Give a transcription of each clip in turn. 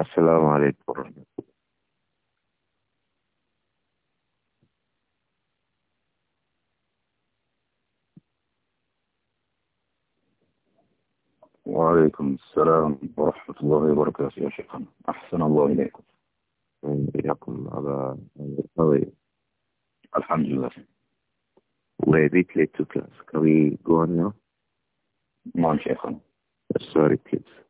السلام عليكم ورحمة الله وعليكم السلام ورحمة الله وبركاته يا شيخنا أحسن الله إليكم إياكم على الطريق الحمد لله We're a bit late to class. Can we go on now? No, شيخنا. Sorry, please.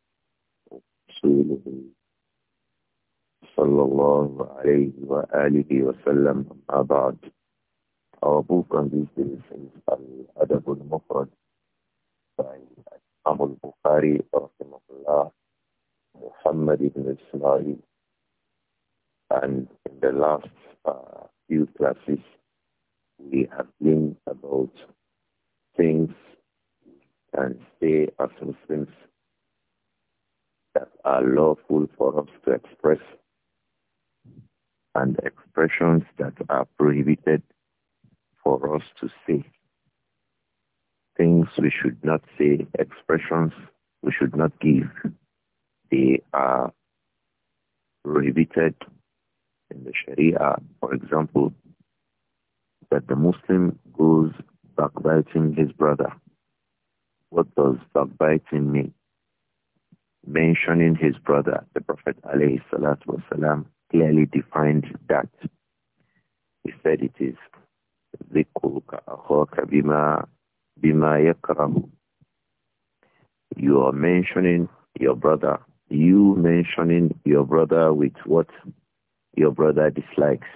رسوله صلى الله عليه وآله وسلم أما بعد Our book on these days is Al-Adab al-Mufrad by Abu al-Bukhari Muhammad ibn Ismail and in the last uh, few classes we have been about things and stay as Muslims that are lawful for us to express and expressions that are prohibited for us to say. Things we should not say, expressions we should not give, they are prohibited in the Sharia, for example, that the Muslim goes backbiting his brother. What does backbiting mean? mentioning his brother, the Prophet والسلام, clearly defined that. He said it is ذِكُّرُكَ أَخَوْكَ You are mentioning your brother. You mentioning your brother with what your brother dislikes,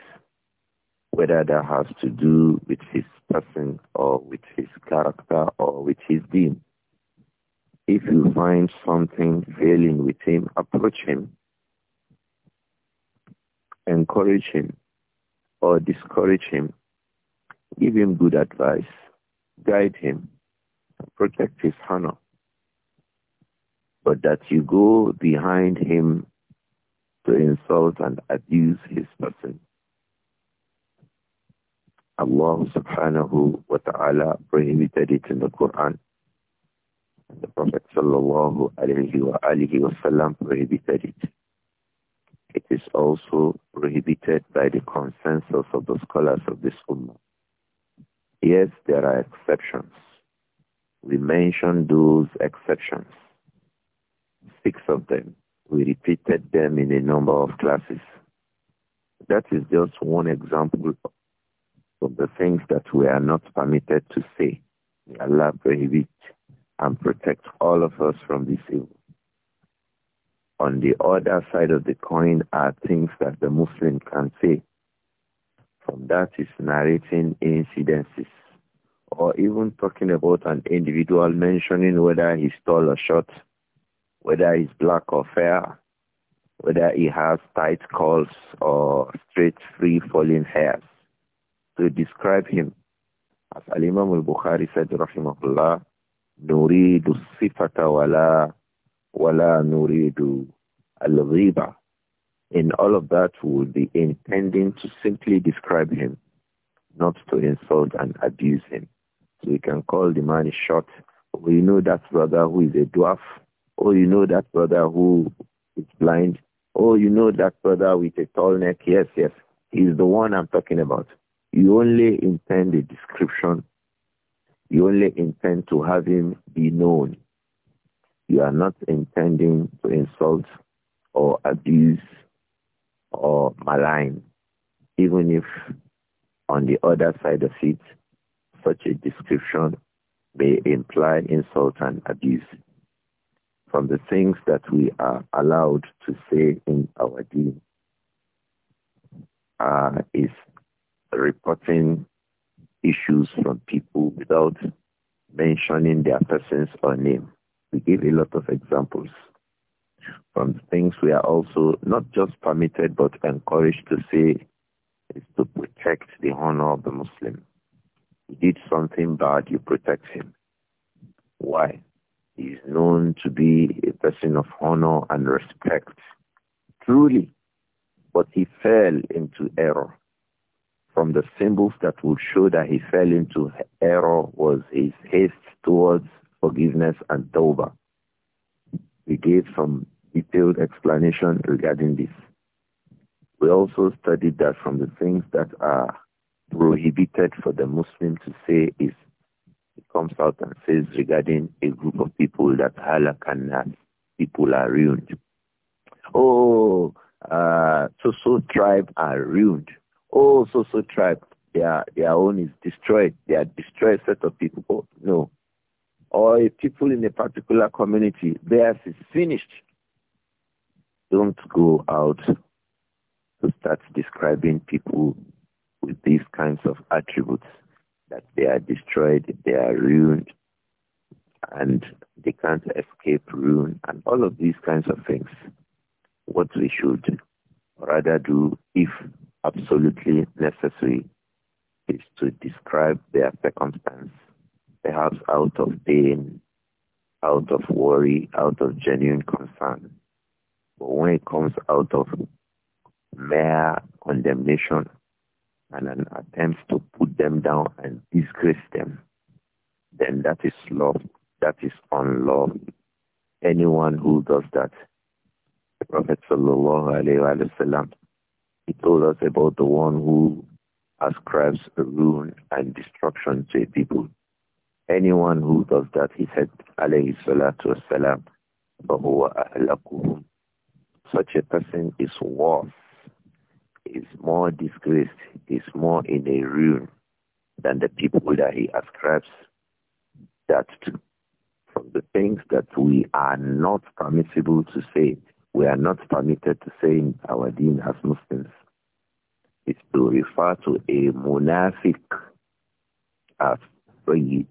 whether that has to do with his person or with his character or with his deen. If you find something failing with him, approach him. Encourage him or discourage him. Give him good advice. Guide him. Protect his honor. But that you go behind him to insult and abuse his person. Allah subhanahu wa ta'ala prohibited it in the Quran. The Prophet sallallahu alayhi wa alihi wasallam prohibited it. It is also prohibited by the consensus of the scholars of this ummah. Yes, there are exceptions. We mentioned those exceptions, six of them. We repeated them in a number of classes. That is just one example of the things that we are not permitted to say. Allah prohibits and protect all of us from this evil. On the other side of the coin are things that the Muslim can say. From that is narrating incidences or even talking about an individual mentioning whether he's tall or short, whether he's black or fair, whether he has tight curls or straight free falling hairs. To describe him, as Al-Imam al-Bukhari said, Rahimahullah, نريد الصفة ولا ولا نريد الغيبة. In all of that, we will be intending to simply describe him, not to insult and abuse him. So we can call the man short. Oh, you know that brother who is a dwarf. Oh, you know that brother who is blind. Oh, you know that brother with a tall neck. Yes, yes. He's the one I'm talking about. You only intend the description you only intend to have him be known. You are not intending to insult or abuse or malign, even if on the other side of it, such a description may imply insult and abuse. From the things that we are allowed to say in our deen uh, is reporting issues from people without mentioning their persons or name. We gave a lot of examples from things we are also not just permitted but encouraged to say is to protect the honor of the Muslim. He did something bad, you protect him. Why? He is known to be a person of honor and respect, truly. But he fell into error. From the symbols that would show that he fell into error was his haste towards forgiveness and tawbah. We gave some detailed explanation regarding this. We also studied that from the things that are prohibited for the Muslim to say is he comes out and says regarding a group of people that halak and that people are ruined. Oh, uh, so so tribe are ruined oh, so-so tribe, their, their own is destroyed. They are destroyed set of people. No. Or people in a particular community, theirs is finished. Don't go out to start describing people with these kinds of attributes that they are destroyed, they are ruined, and they can't escape ruin, and all of these kinds of things. What we should rather do if absolutely necessary is to describe their circumstance, perhaps out of pain, out of worry, out of genuine concern. But when it comes out of mere condemnation and an attempt to put them down and disgrace them, then that is love, that is unlove. Anyone who does that, the Prophet sallallahu alaihi he told us about the one who ascribes ruin and destruction to a people. Anyone who does that, he said, alayhi salatu wasalam, such a person is worse, is more disgraced, is more in a ruin than the people that he ascribes that to. From the things that we are not permissible to say we are not permitted to say in our deen as Muslims. It's to refer to a munafiq as Sayyid.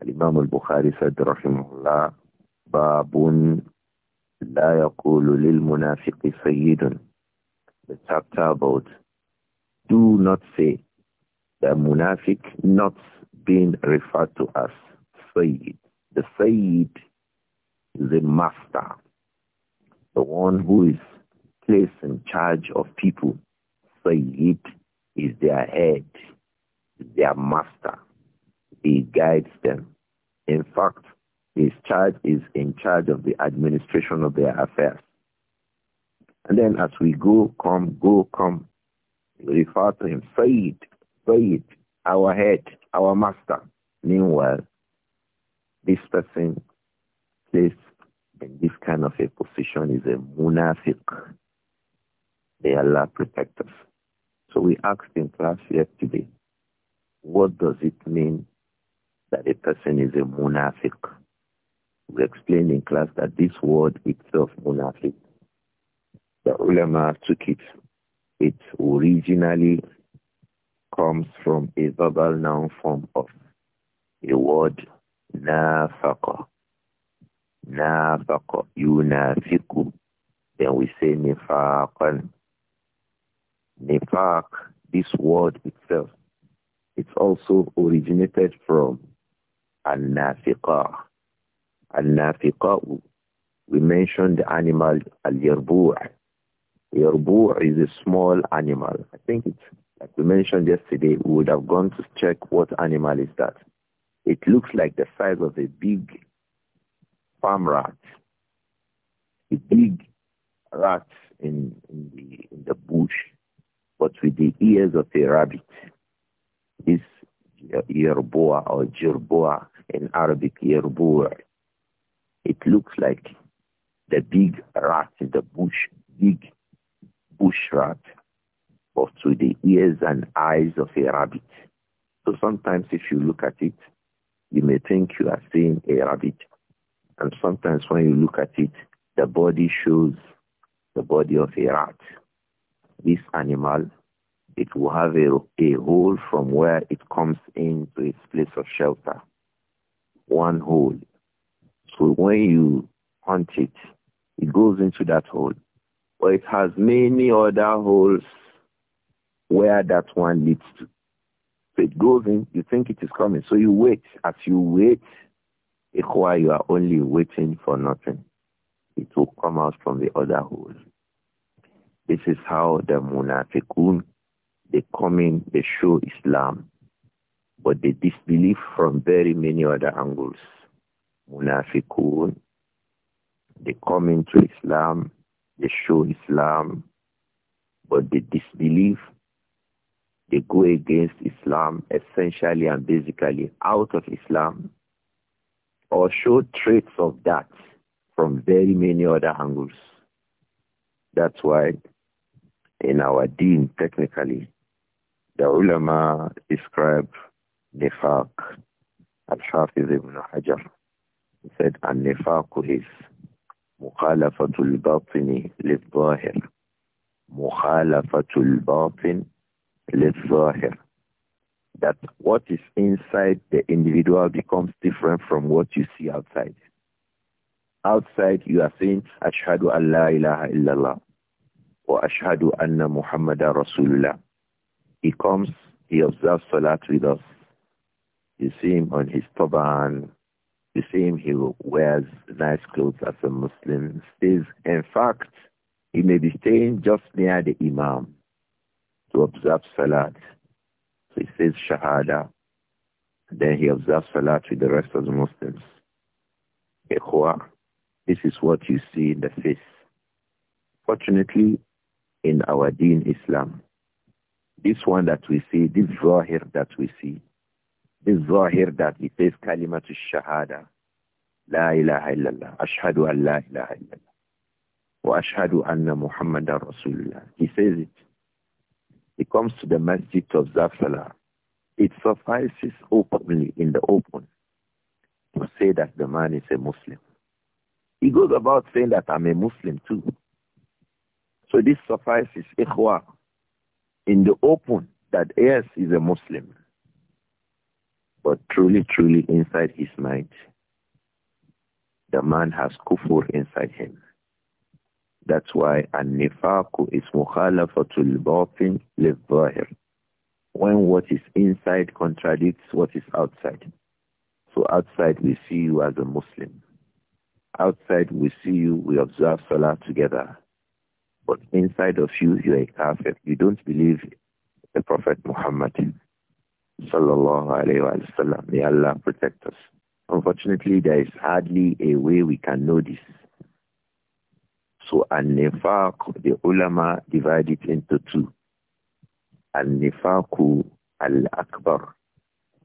Al-Imam al-Bukhari said, "Rahimullah, Babun La Yaqulu Lil Munafiqi Sayyidun. The chapter about do not say the munafiq not being referred to as Sayyid. The Sayyid is a master the one who is placed in charge of people, Sayyid, is their head, their master. He guides them. In fact, his charge is in charge of the administration of their affairs. And then as we go, come, go, come, we refer to him, Sayyid, Sayyid, our head, our master. Meanwhile, this person placed in this kind of a position is a munafiq. May Allah protect us. So we asked in class yesterday, what does it mean that a person is a munafiq? We explained in class that this word itself, munafiq, the ulama took it. It originally comes from a verbal noun form of a word, nafaqa, nafaqo yunafiku then we say nifaqan nifaq this word itself it's also originated from al-nafiqa al-nafiqa we mentioned the animal al-yarbu' yarbu' is a small animal i think it's like we mentioned yesterday we would have gone to check what animal is that it looks like the size of a big farm rat, the big rat in, in, the, in the bush, but with the ears of a rabbit. This yerboa or jerboa in Arabic, yerbua, it looks like the big rat in the bush, big bush rat, but with the ears and eyes of a rabbit. So sometimes if you look at it, you may think you are seeing a rabbit, and sometimes when you look at it, the body shows the body of a rat. This animal, it will have a, a hole from where it comes into its place of shelter. One hole. So when you hunt it, it goes into that hole. But it has many other holes where that one leads to. So it goes in, you think it is coming. So you wait. As you wait, Ikhwa, you are only waiting for nothing. It will come out from the other hole. This is how the munafiqun, they come in, they show Islam, but they disbelieve from very many other angles. Munafiqun, they come into Islam, they show Islam, but they disbelieve. They go against Islam essentially and basically out of Islam or show traits of that from very many other angles. That's why in our deen, technically, the ulama describe nifaq. Al-Hafiz ibn Hajar he said, al nifaq is mukhalafatul batini lil-zahir, mukhalafatul batin lil-zahir." that what is inside the individual becomes different from what you see outside. Outside, you are saying, Ashhadu an la ilaha illallah, or Ashhadu anna Muhammadan Rasulullah. He comes, he observes Salat with us. You see him on his turban. You see him, he wears nice clothes as a Muslim, stays. In fact, he may be staying just near the Imam to observe Salat. So he says Shahada. Then he observes Salat with the rest of the Muslims. Ikhwa, this is what you see in the face. Fortunately, in our deen Islam, this one that we see, this Zahir that we see, this Zahir that he says Kalimatu Shahada, La ilaha illallah, Ashhadu an la ilaha illallah, wa Ashhadu anna Muhammadan Rasulullah. He says it. He comes to the masjid of Zafala. It suffices openly in the open to say that the man is a Muslim. He goes about saying that I'm a Muslim too. So this suffices ikhwa in the open that yes, he's a Muslim. But truly, truly inside his mind, the man has kufur inside him. That's why an-nifaq is mukhalafatul batin lil-zahir. When what is inside contradicts what is outside. So outside we see you as a Muslim. Outside we see you, we observe Salah together. But inside of you, you are a kafir. You don't believe the Prophet Muhammad. Sallallahu alayhi wa sallam. May Allah protect us. Unfortunately, there is hardly a way we can know this so al-nifaq, the ulama divide it into two. Al-nifaq al-akbar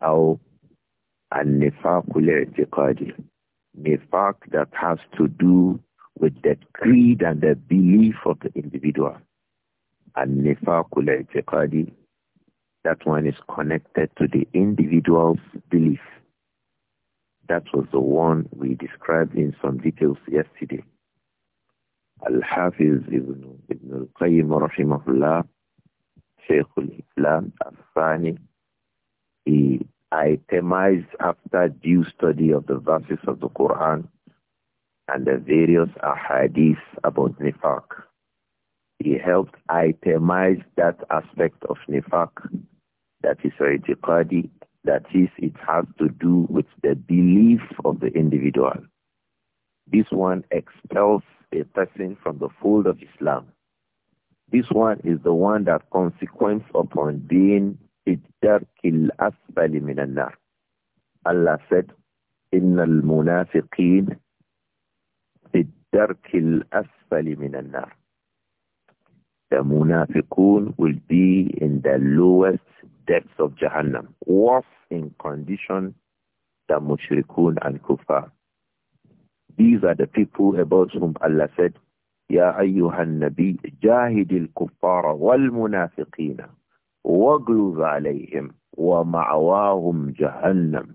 or al-nifaq al-i'tiqadi. Nifaq that has to do with the creed and the belief of the individual. Al-nifaq al-i'tiqadi, that one is connected to the individual's belief. That was the one we described in some details yesterday. Al-Hafiz Ibn, Ibn al-Qayyim rahimahullah, Shaykh al he itemized after due study of the verses of the Quran and the various ahadith about nifaq. He helped itemize that aspect of nifaq that is itiqadi, that is it has to do with the belief of the individual. This one expels a person from the fold of Islam. This one is the one that consequence upon being الدرك الأسفل من النار. Allah said, إن المنافقين في الدرك الأسفل من النار. The munafiqun will be in the lowest depths of Jahannam, worse in condition than mushrikun and kuffar. These are the people about whom Allah said, Ya ayyuhan nabi jahidil kuffara wal munafiqina wagluz alayhim wa ma'awahum jahannam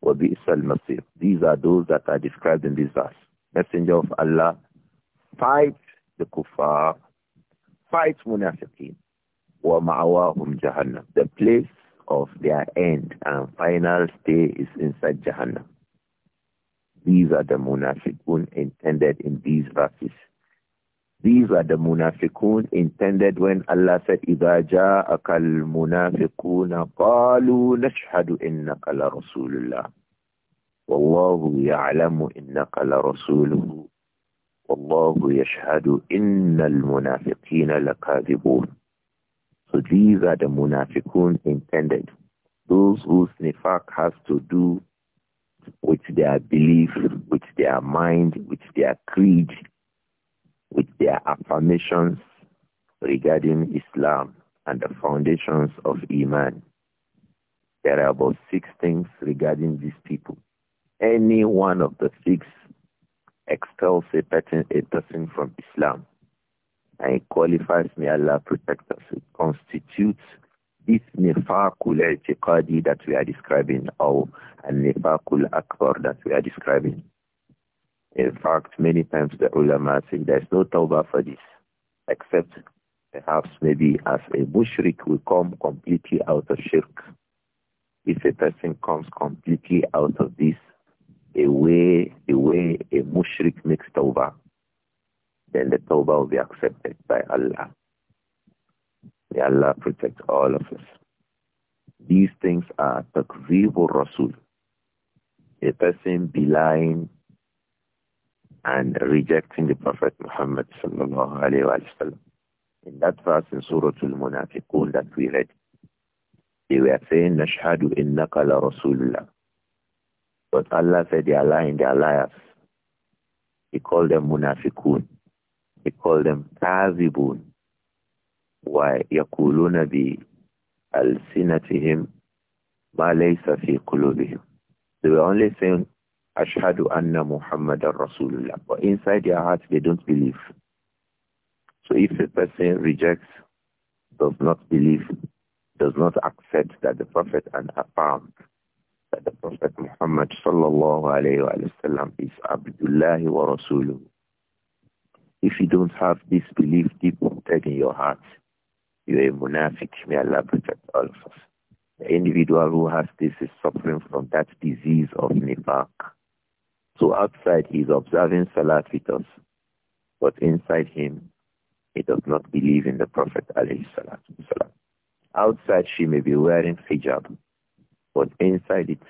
wa bi'sal masir. These are those that are described in this verse. Messenger of Allah, fight the kuffar, fight munafiqin wa ma'awahum jahannam. The place of their end and final stay is inside jahannam. These are the munafiqun intended in these verses. These are the munafiqun intended when Allah said, إِذَا جَاءَكَ الْمُنَافِقُونَ قَالُوا نَشْهَدُ إِنَّكَ لَرَسُولُ اللَّهِ وَاللَّهُ يَعْلَمُ إِنَّكَ لَرَسُولُهُ وَاللَّهُ يَشْهَدُ إِنَّ الْمُنَافِقِينَ لَكَاذِبُونَ So these are the munafiqun intended. Those whose nifaq has to do with their belief, with their mind, with their creed, with their affirmations regarding Islam and the foundations of Iman. There are about six things regarding these people. Any one of the six expels a person, a person from Islam and it qualifies, may Allah protect us. It constitutes this nifakul i'tiqadi that we are describing or nifakul akbar that we are describing. In fact, many times the ulama say there's no tawbah for this, except perhaps maybe as a mushrik will come completely out of shirk. If a person comes completely out of this, a way, a way a mushrik makes tawbah, then the tawbah will be accepted by Allah. May Allah protect all of us. These things are takzibur rasul, a person belying and rejecting the Prophet Muhammad sallallahu alayhi wa sallam. In that verse in Surah Al-Munafiqun that we read, they were saying, Nashhadu innaka la Rasulullah. But Allah said they are lying, they are liars. He called them Munafiqun. He called them Kazibun. ويقولون بألسنتهم ما ليس في قلوبهم They were only saying أشهد أن محمد رسول الله But inside their hearts, they don't believe So if a person rejects, does not believe, does not accept that the Prophet and affirm that the Prophet Muhammad sallallahu alayhi wa sallam is Abdullah wa Rasuluh. If you don't have this belief deep rooted in your heart, you're a munafiq. May Allah protect all of us. The individual who has this is suffering from that disease of nifaq. So outside he is observing Salat with us, but inside him he does not believe in the Prophet alayhi Outside she may be wearing hijab, but inside it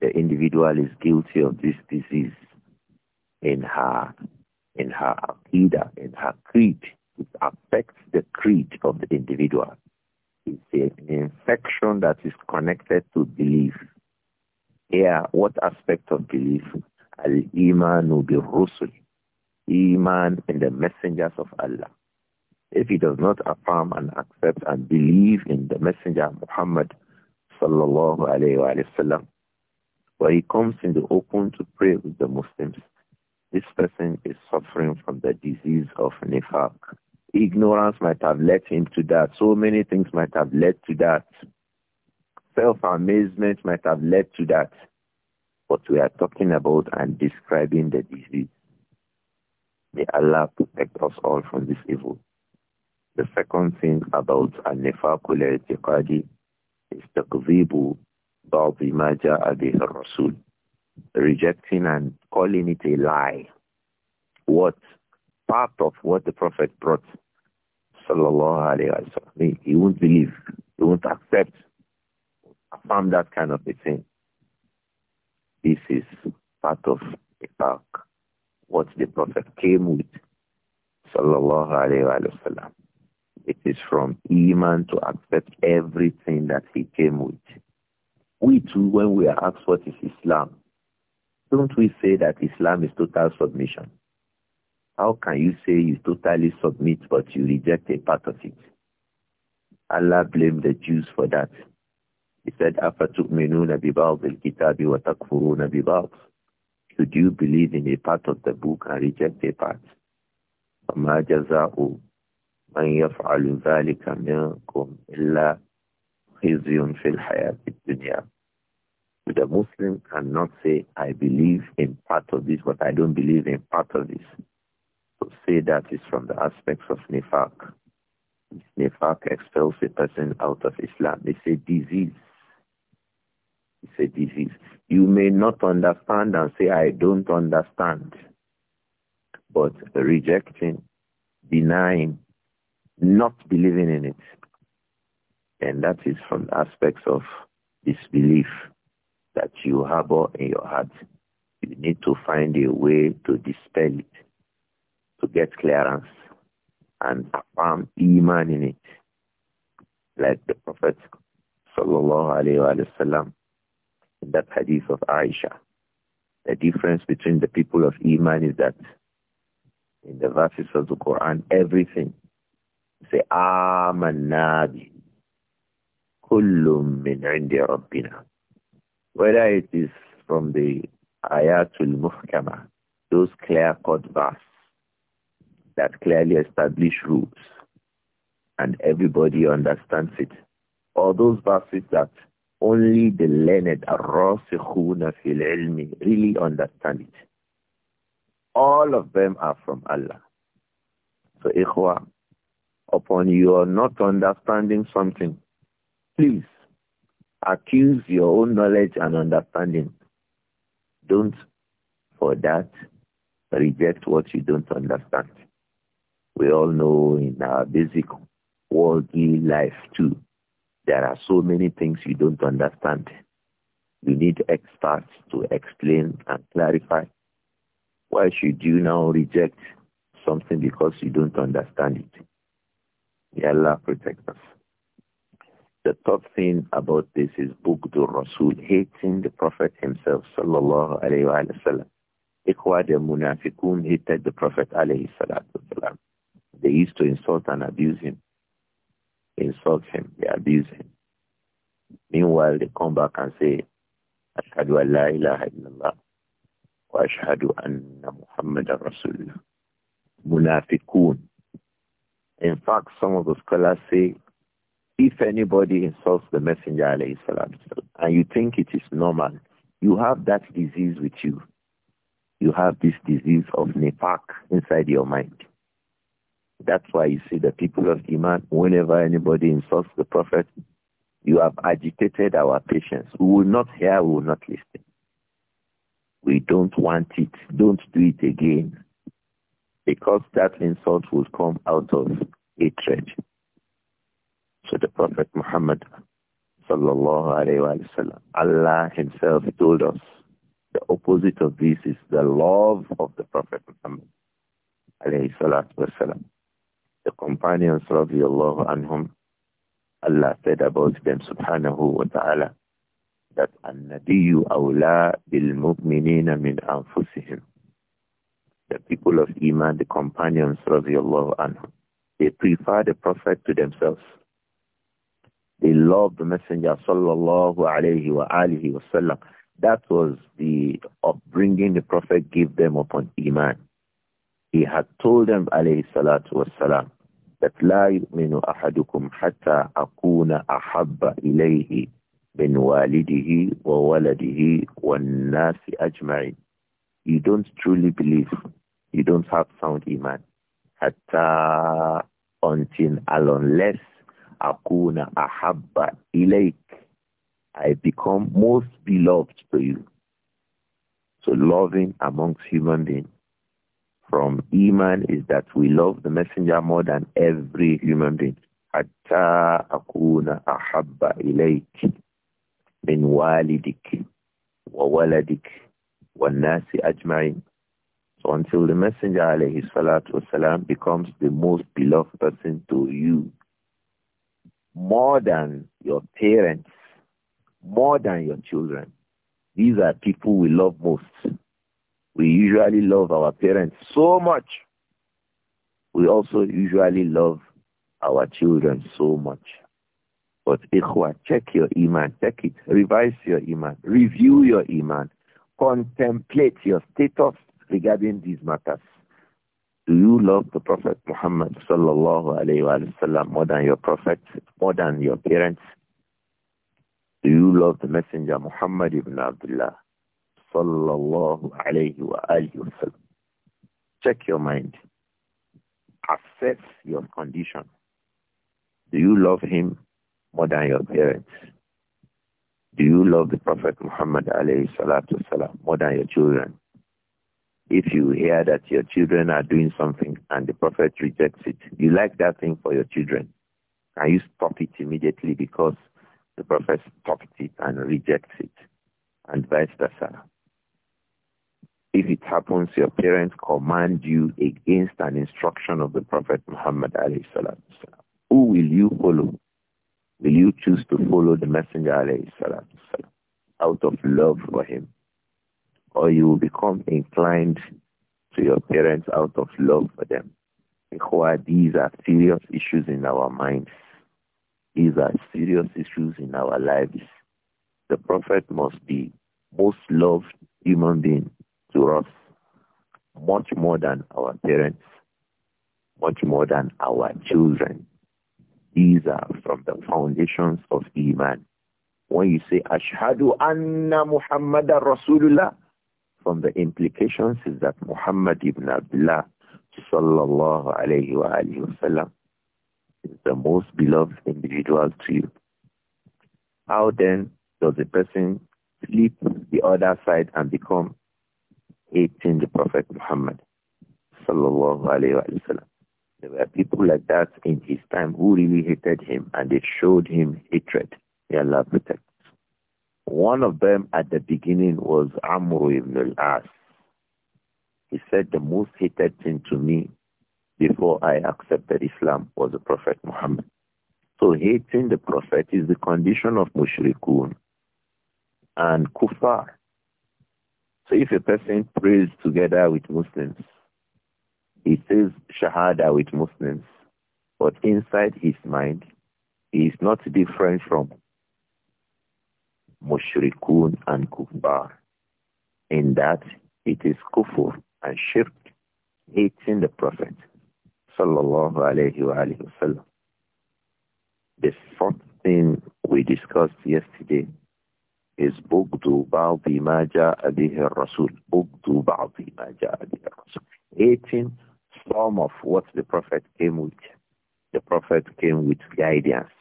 the individual is guilty of this disease in her, in her aqidah, in her creed. It affects the creed of the individual. It's an infection that is connected to belief. Here, what aspect of belief? Al-Iman bi Rusul. Iman in the messengers of Allah. If he does not affirm and accept and believe in the messenger Muhammad sallallahu alayhi wa sallam, when he comes in the open to pray with the Muslims, this person is suffering from the disease of nifaq. Ignorance might have led him to that. So many things might have led to that. Self-amazement might have led to that. But we are talking about and describing the disease. May Allah protect us all from this evil. The second thing about al-nifaqul i'tiqadi is taqzibu بعض ما جاء به الرسول rejecting and calling it a lie. What part of what the Prophet brought, sallallahu alayhi wa sallam, he won't believe, he won't accept, affirm that kind of a thing. This is part of the park, what the Prophet came with, sallallahu alayhi wa sallam. It is from Iman to accept everything that he came with. We too, when we are asked what is Islam, don't we say that Islam is total submission? How can you say you totally submit but you reject a part of it? Allah blamed the Jews for that. He said, أَفَتُؤْمِنُونَ بِبَعْضِ الْكِتَابِ وَتَكْفُرُونَ بِبَعْضِ Should you believe in a part of the book and reject a part? فَمَا جَزَاءُ مَنْ يَفْعَلُ ذَلِكَ مِنْكُمْ إِلَّا خِزْيٌ فِي الْحَيَاةِ الدُّنْيَا the Muslim cannot say, I believe in part of this, but I don't believe in part of this. To so say that is from the aspects of nifaq. Nifaq expels a person out of Islam. It's a disease. It's a disease. You may not understand and say, I don't understand. But rejecting, denying, not believing in it, and that is from aspects of disbelief that you harbor in your heart. You need to find a way to dispel it, to get clearance and affirm iman in it. Like the Prophet sallallahu alayhi wasallam in that hadith of Aisha. The difference between the people of Iman is that in the verses of the Quran, everything say Amannabi kullum min indi rabbina whether it is from the Ayatul Muhkama, those clear-cut verses that clearly establish rules, and everybody understands it, or those verses that only the learned, الراسخون في العلم, really understand it. All of them are from Allah. So, ikhwa, upon you are not understanding something, please accuse your own knowledge and understanding. Don't, for that, reject what you don't understand. We all know in our basic worldly life too, there are so many things you don't understand. You need experts to explain and clarify. Why should you now reject something because you don't understand it? May Allah protect us. The third thing about this is Bugdur Rasul, hating the Prophet himself, sallallahu alayhi wa sallam. Ikhwa the Munafiqun hated the Prophet alayhi salatu wasalam. They used to insult and abuse him. They insult him, they abuse him. Meanwhile, they come back and say, Ashhadu an la ilaha illallah wa ashhadu anna Muhammadan Rasulullah. Munafiqun. In fact, some of the scholars say if anybody insults the messenger, salam, and you think it is normal, you have that disease with you. You have this disease of nepak inside your mind. That's why you see the people of Iman, whenever anybody insults the Prophet, you have agitated our patience. We will not hear, we will not listen. We don't want it. Don't do it again. Because that insult will come out of hatred to the Prophet Muhammad sallallahu alayhi wa Allah himself told us the opposite of this is the love of the Prophet Muhammad alayhi salatu wasalam. The companions radiallahu anhum, Allah said about them subhanahu wa ta'ala that awla bil بالمؤمنين min anfusihim. The people of Iman, the companions radiallahu anhum, they prefer the Prophet to themselves. They loved the Messenger sallallahu alayhi wa alihi wasallam. That was the upbringing the Prophet gave them upon Iman. He had told them alayhi salatu salam, that la yu'minu ahadukum hatta akuna ahabba ilayhi min walidihi wa waladihi wa nasi ajma'in. You don't truly believe. You don't have sound iman. Hatta until unless akuna ahabba ilaik. I become most beloved to you. So loving amongst human beings from Iman is that we love the messenger more than every human being. Hatta akuna ahabba ilayk min walidik wa waladik wa nasi ajma'in. So until the messenger alayhi salatu wasalam becomes the most beloved person to you more than your parents, more than your children. These are people we love most. We usually love our parents so much. We also usually love our children so much. But ikhwa, check your iman, check it, revise your iman, review your iman, contemplate your status regarding these matters. Do you love the Prophet Muhammad sallallahu alayhi wa sallam more than your prophet, more than your parents? Do you love the Messenger Muhammad ibn Abdullah sallallahu alayhi wa alihi wa sallam? Check your mind. Assess your condition. Do you love him more than your parents? Do you love the Prophet Muhammad alayhi salatu wasalam more than your children? If you hear that your children are doing something and the prophet rejects it, you like that thing for your children. and you stop it immediately because the prophet stopped it and rejects it and vice versa. If it happens, your parents command you against an instruction of the Prophet Muhammad alayhi salatu Who will you follow? Will you choose to follow the Messenger alayhi salatu out of love for him? or you will become inclined to your parents out of love for them. These are serious issues in our minds. These are serious issues in our lives. The Prophet must be most loved human being to us, much more than our parents, much more than our children. These are from the foundations of Iman. When you say, Ashhadu anna Muhammadan Rasulullah, from the implications is that Muhammad ibn Abdullah sallallahu alayhi wa alayhi wa is the most beloved individual to you. How then does a person flip the other side and become hating the Prophet Muhammad sallallahu alayhi wa sallam? There were people like that in his time who really hated him and they showed him hatred. May Allah protect. One of them at the beginning was Amr ibn al-As. He said, the most hated thing to me before I accepted Islam was the Prophet Muhammad. So hating the Prophet is the condition of mushrikun and kuffar. So if a person prays together with Muslims, he says shahada with Muslims, but inside his mind, he is not different from mushrikun and kufbar. In that, it is kufur and shirk, hating the Prophet, sallallahu alayhi wa, alayhi wa sallam. The fourth thing we discussed yesterday is بغض badi ما جاء Rasul. الرسول badi بعض ما Rasul. به hating some of what the Prophet came with the Prophet came with guidance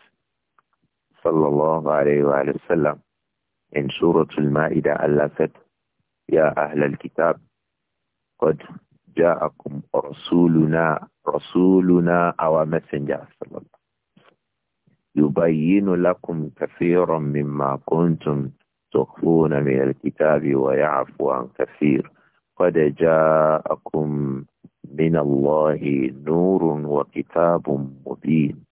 sallallahu alayhi wa sallam إن سورة المائدة ألفت يا أهل الكتاب قد جاءكم رسولنا رسولنا our messenger يبين لكم كثيرا مما كنتم تخفون من الكتاب ويعفو عن كثير قد جاءكم من الله نور وكتاب مبين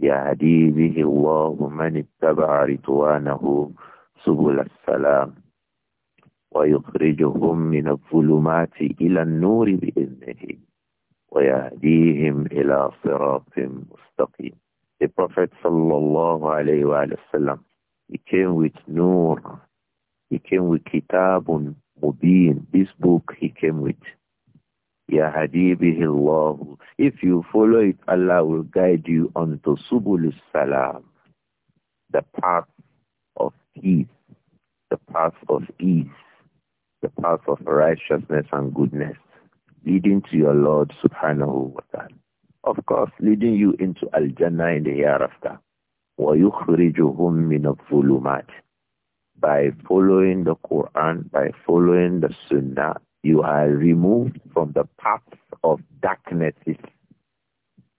يهدي به الله من اتبع رضوانه سبل السلام ويخرجهم من الظلمات إلى النور بإذنه ويهديهم إلى صراط مستقيم The Prophet sallallahu alayhi wa sallam, he came with Nur, he came with Kitabun Mubin, this book he came with. Yahadi bihi Allah. If you follow it, Allah will guide you onto Subul Salam, the path peace, the path of ease, the path of righteousness and goodness, leading to your Lord subhanahu wa ta'ala. Of course, leading you into Al-Jannah in the hereafter. وَيُخْرِجُهُمْ مِنَ الظُّلُمَاتِ By following the Quran, by following the Sunnah, you are removed from the path of darkness,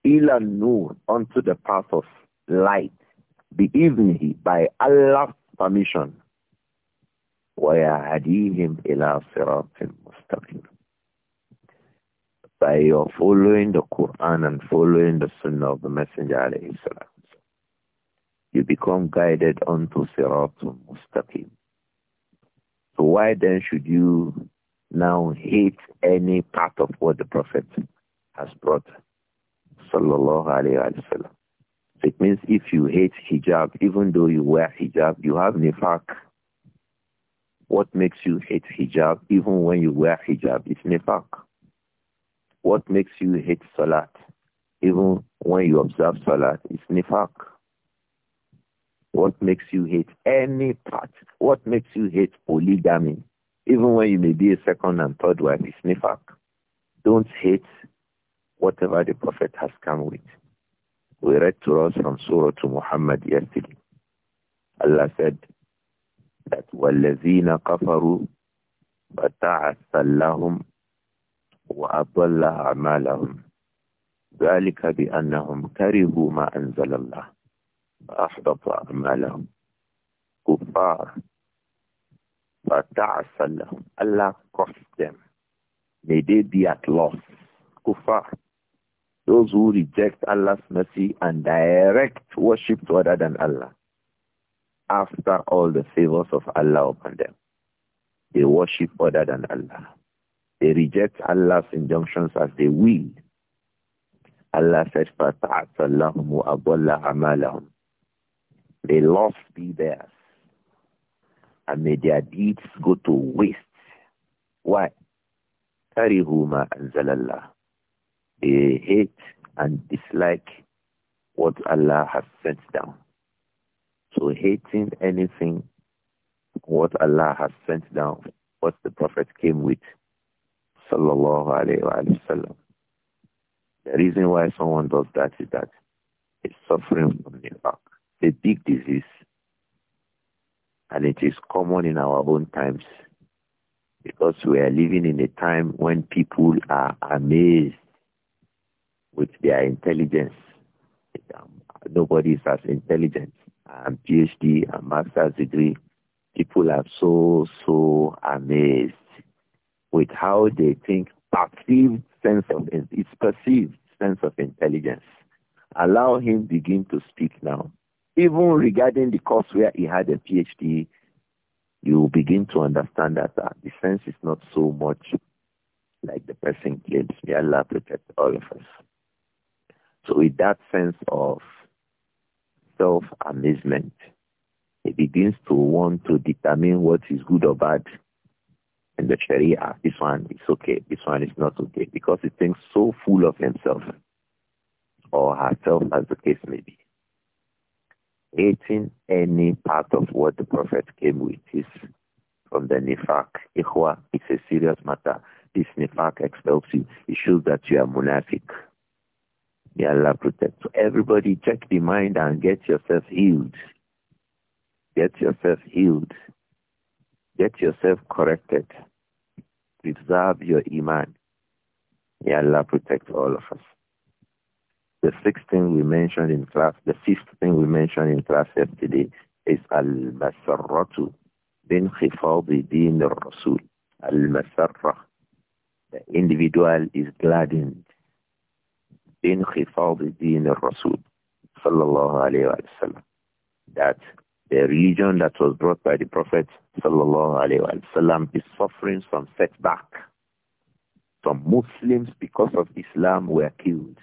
إِلَى النُّورِ Unto the path of light. بِإِذْنِهِ By Allah's permission. وَيَهَدِيهِمْ إِلَىٰ صِرَاطٍ مُسْتَقِيمٍ By your following the Quran and following the Sunnah of the Messenger alayhi salam, you become guided unto Siratul Mustaqim. So why then should you now hate any part of what the Prophet has brought? صلى الله عليه وسلم? It means if you hate hijab, even though you wear hijab, you have nifaq. What makes you hate hijab, even when you wear hijab, is nifaq. What makes you hate salat, even when you observe salat, is nifaq. What makes you hate any part? What makes you hate polygamy, even when you may be a second and third wife, is nifaq. Don't hate whatever the Prophet has come with. We read to us from Surah to Muhammad yesterday. Allah said that وَالَّذِينَ كَفَرُوا فَتَعَثَّ لَهُمْ وَأَضَلَّ أَعْمَالَهُمْ ذلك بأنهم كرهوا ما أنزل الله فأحبط أعمالهم كفار فتعسل لهم Allah cost them may they be at loss كفار those who reject Allah's mercy and direct worship to other than Allah after all the favors of Allah upon them. They worship other than Allah. They reject Allah's injunctions as they will. Allah said, فَتَعَتَ عَمَالَهُمْ They lost be theirs. And may their deeds go to waste. Why? كَرِهُ مَا أَنزَلَ اللَّهُ they hate and dislike what Allah has sent down. So hating anything what Allah has sent down, what the Prophet came with, sallallahu alayhi wa The reason why someone does that is that it's suffering from the It's a big disease and it is common in our own times because we are living in a time when people are amazed with their intelligence. Um, nobody is as intelligent. Um, PhD and master's degree, people are so, so amazed with how they think perceived sense of, it's perceived sense of intelligence. Allow him begin to speak now. Even regarding the course where he had a PhD, you begin to understand that uh, the sense is not so much like the person claims. May Allah protect all of us. So with that sense of self-amazement, he begins to want to determine what is good or bad in the Sharia. Ah, this one is okay, this one is not okay, because he thinks so full of himself or herself as the case may be. Hating any part of what the Prophet came with is from the nifaq. Ikhwa, it's a serious matter. This nifaq expels you. It shows that you are munafiq. May Allah protect. So everybody check the mind and get yourself healed. Get yourself healed. Get yourself corrected. Preserve your iman. May Allah protect all of us. The sixth thing we mentioned in class, the fifth thing we mentioned in class yesterday is al-masarratu bin khifadi din al-rasul. al masarrah The individual is gladdened انخفاض دين الرسول صلى الله عليه وسلم that the religion that was brought by the Prophet sallallahu alaihi wasallam is suffering from setback. Some Muslims because of Islam were killed.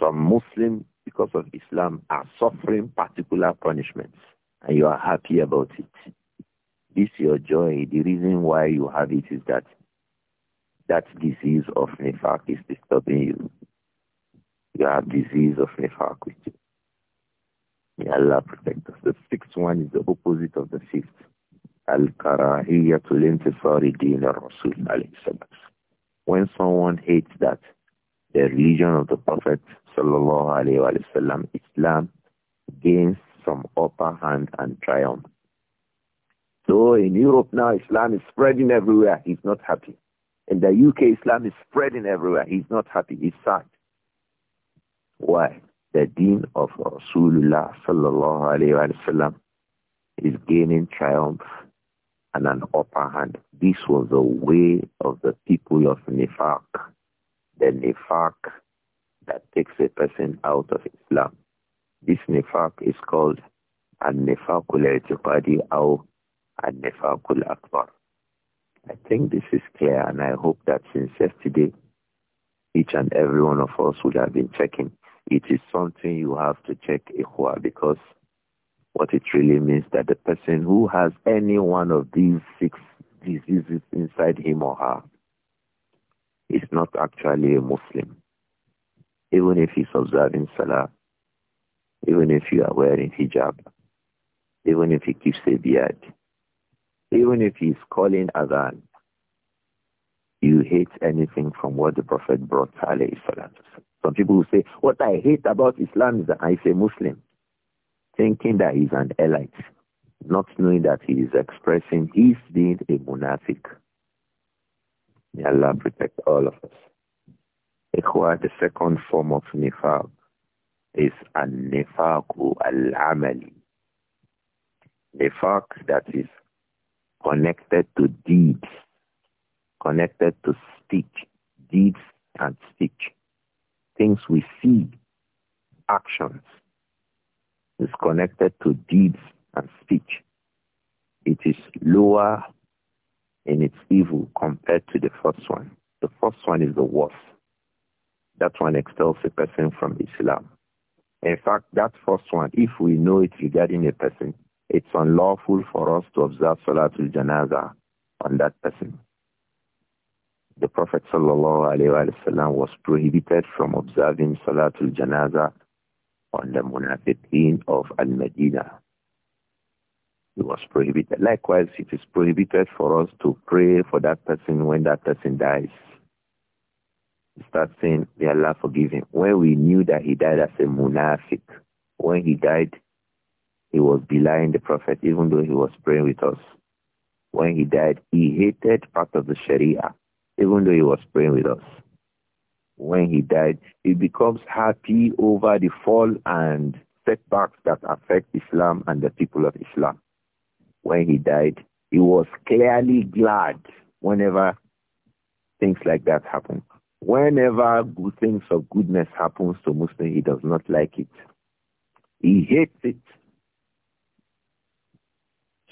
Some Muslims because of Islam are suffering particular punishments and you are happy about it. This your joy. The reason why you have it is that that disease of nifaq is disturbing you disease of nifaq May Allah protect us. The sixth one is the opposite of the fifth. Al-Karahiyya to Lintifari Deen Rasul When someone hates that, the religion of the Prophet Sallallahu Alaihi Wasallam, Islam, gains some upper hand and triumph. So in Europe now, Islam is spreading everywhere. He's not happy. In the UK, Islam is spreading everywhere. He's not happy. He's sad. Why? The deen of Rasulullah sallallahu alayhi wa is gaining triumph and an upper hand. This was the way of the people of Nifaq, the Nifaq that takes a person out of Islam. This Nifaq is called al nifaq al-I'tiqadi or al nifaq al-Akbar. I think this is clear and I hope that since yesterday, each and every one of us would have been checking it is something you have to check ikhwa because what it really means that the person who has any one of these six diseases inside him or her is not actually a Muslim. Even if he's observing Salah, even if you are wearing hijab, even if he keeps a beard, even if he's calling Adhan, you hate anything from what the Prophet brought, alayhi salatu some people will say, what I hate about Islam is that I say Muslim, thinking that he's an elite, not knowing that he is expressing he's being a monastic. May Allah protect all of us. the second form of nifaq is al-nifaqu al-amali. Nifaq that is connected to deeds, connected to speech, deeds and speech things we see, actions, is connected to deeds and speech. It is lower in its evil compared to the first one. The first one is the worst. That one expels a person from Islam. In fact, that first one, if we know it regarding a person, it's unlawful for us to observe Salatul Janaza on that person the Prophet ﷺ was prohibited from observing Salatul Janaza on the Munafiqeen of al madinah It was prohibited. Likewise, it is prohibited for us to pray for that person when that person dies. start saying, may Allah forgive him. When we knew that he died as a Munafiq, when he died, he was belying the Prophet even though he was praying with us. When he died, he hated part of the Sharia even though he was praying with us. When he died, he becomes happy over the fall and setbacks that affect Islam and the people of Islam. When he died, he was clearly glad whenever things like that happen. Whenever good things of goodness happens to Muslims, he does not like it. He hates it.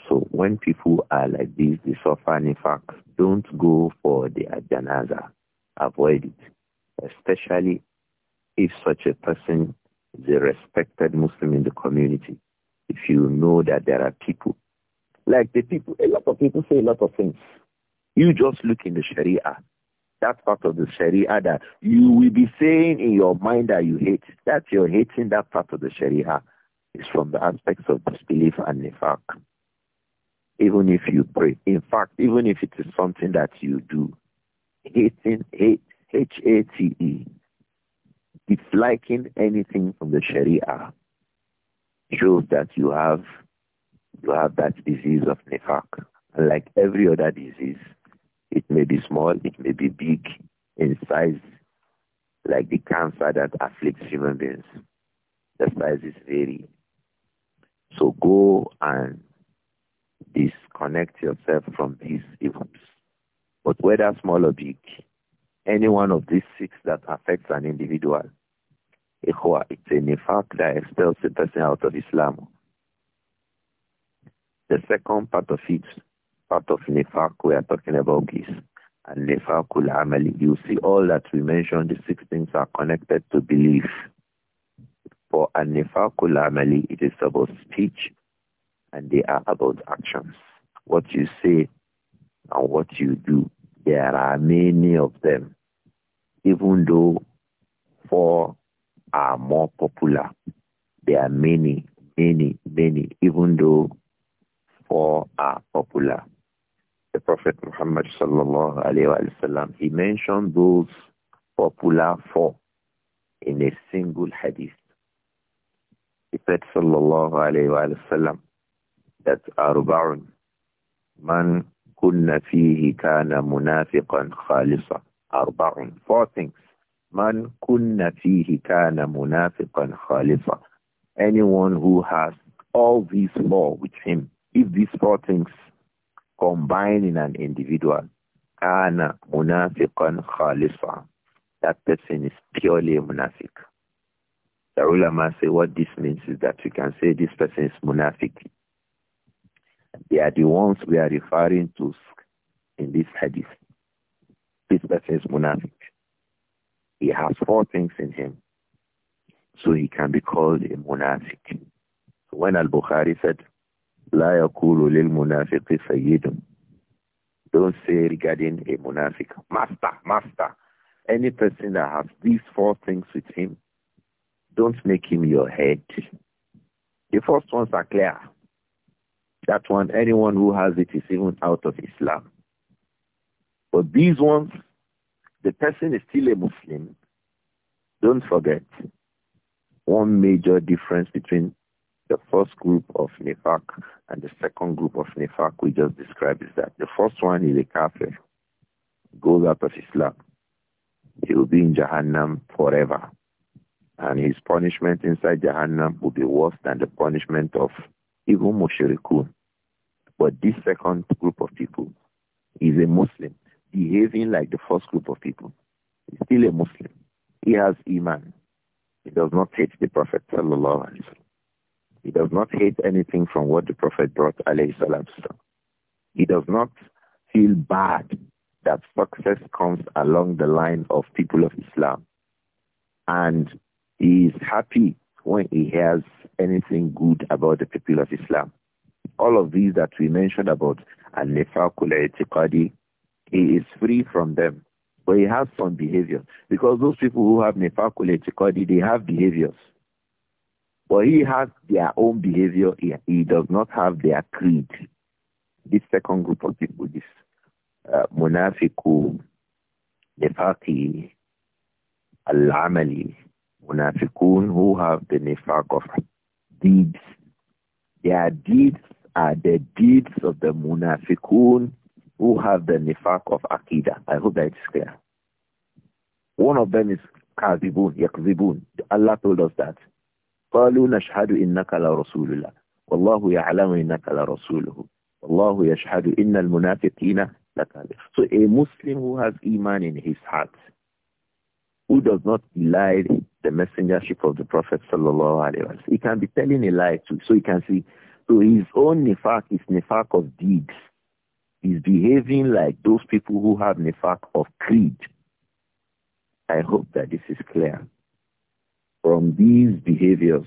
So when people are like this, they suffer in fact don't go for the janaza. Avoid it. Especially if such a person is a respected Muslim in the community. If you know that there are people, like the people, a lot of people say a lot of things. You just look in the Sharia. That part of the Sharia that you will be saying in your mind that you hate. That you're hating that part of the Sharia is from the aspects of disbelief and nifaq even if you pray. In fact, even if it is something that you do. Hating, hate, disliking anything from the Sharia shows that you have you have that disease of nifaq. And like every other disease, it may be small, it may be big in size, like the cancer that afflicts human beings. The sizes vary. So go and disconnect yourself from these evils. But whether small or big, any one of these six that affects an individual, it's a nifaq that expels a person out of Islam. The second part of it, part of nifaq we are talking about is and nifaqul amali. You see all that we mentioned, the six things are connected to belief. For an nifaqul amali, it is about speech, and they are about actions. What you say and what you do. There are many of them, even though four are more popular. There are many, many, many, even though four are popular. The Prophet Muhammad sallallahu wa sallam, he mentioned those popular four in a single hadith. He said sallallahu alaihi wasallam that أربع من كن فيه كان منافقا خالصا أربع four things من كن فيه كان منافقا خالصا anyone who has all these four with him if these four things combine in an individual كان منافقا خالصا that person is purely a munafiq the ulama say what this means is that we can say this person is munafiq they are the ones we are referring to in this hadith. This person is munafiq. He has four things in him. So he can be called a munafiq. So when Al-Bukhari said, لا يقول للمنافق سيد Don't say regarding a munafiq, master, master. Any person that has these four things with him, don't make him your head. The first ones are clear. That one, anyone who has it is even out of Islam. But these ones, the person is still a Muslim. Don't forget, one major difference between the first group of Nifak and the second group of Nifak we just described is that the first one is a kafir, goes out of Islam. He will be in Jahannam forever. And his punishment inside Jahannam will be worse than the punishment of even Mushrikun. But this second group of people is a Muslim behaving like the first group of people. He's still a Muslim. He has Iman. He does not hate the Prophet sallallahu alaihi wasallam. He does not hate anything from what the Prophet brought alayhi salam. He does not feel bad that success comes along the line of people of Islam. And he is happy when he hears anything good about the people of Islam all of these that we mentioned about al i'tiqadi, he is free from them. But he has some behavior. Because those people who have nifaqul i'tiqadi, they have behaviors. But he has their own behavior. He, he does not have their creed. This second group of people, this uh, munafiku, nifaqi, al-amali, who have the nifaq of deeds. Their deeds are the deeds of the munafiqun who have the nifaq of akida? I hope that it's clear. One of them is kazibun, yakzibun. Allah told us that. قالوا نشهد إنك لرسول الله والله يعلم إنك لرسوله والله يشهد إن المنافقين So a Muslim who has iman in his heart, who does not deny the messengership of the Prophet sallallahu alaihi wasallam, he can be telling a lie too. So he can see so his own nefak is nefak of deeds. He's behaving like those people who have nefak of creed. I hope that this is clear. From these behaviors.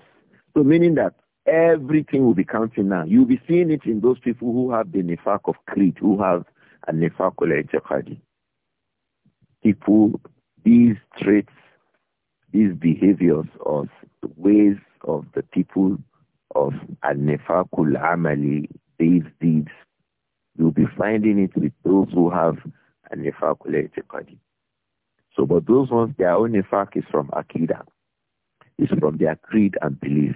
So meaning that everything will be counting now. You'll be seeing it in those people who have the nefak of creed, who have a of al People, these traits, these behaviors or ways of the people of al amali, these deeds, you'll be finding it with those who have al-nifakul So, but those ones, their own nifak is from akida. It's from their creed and belief.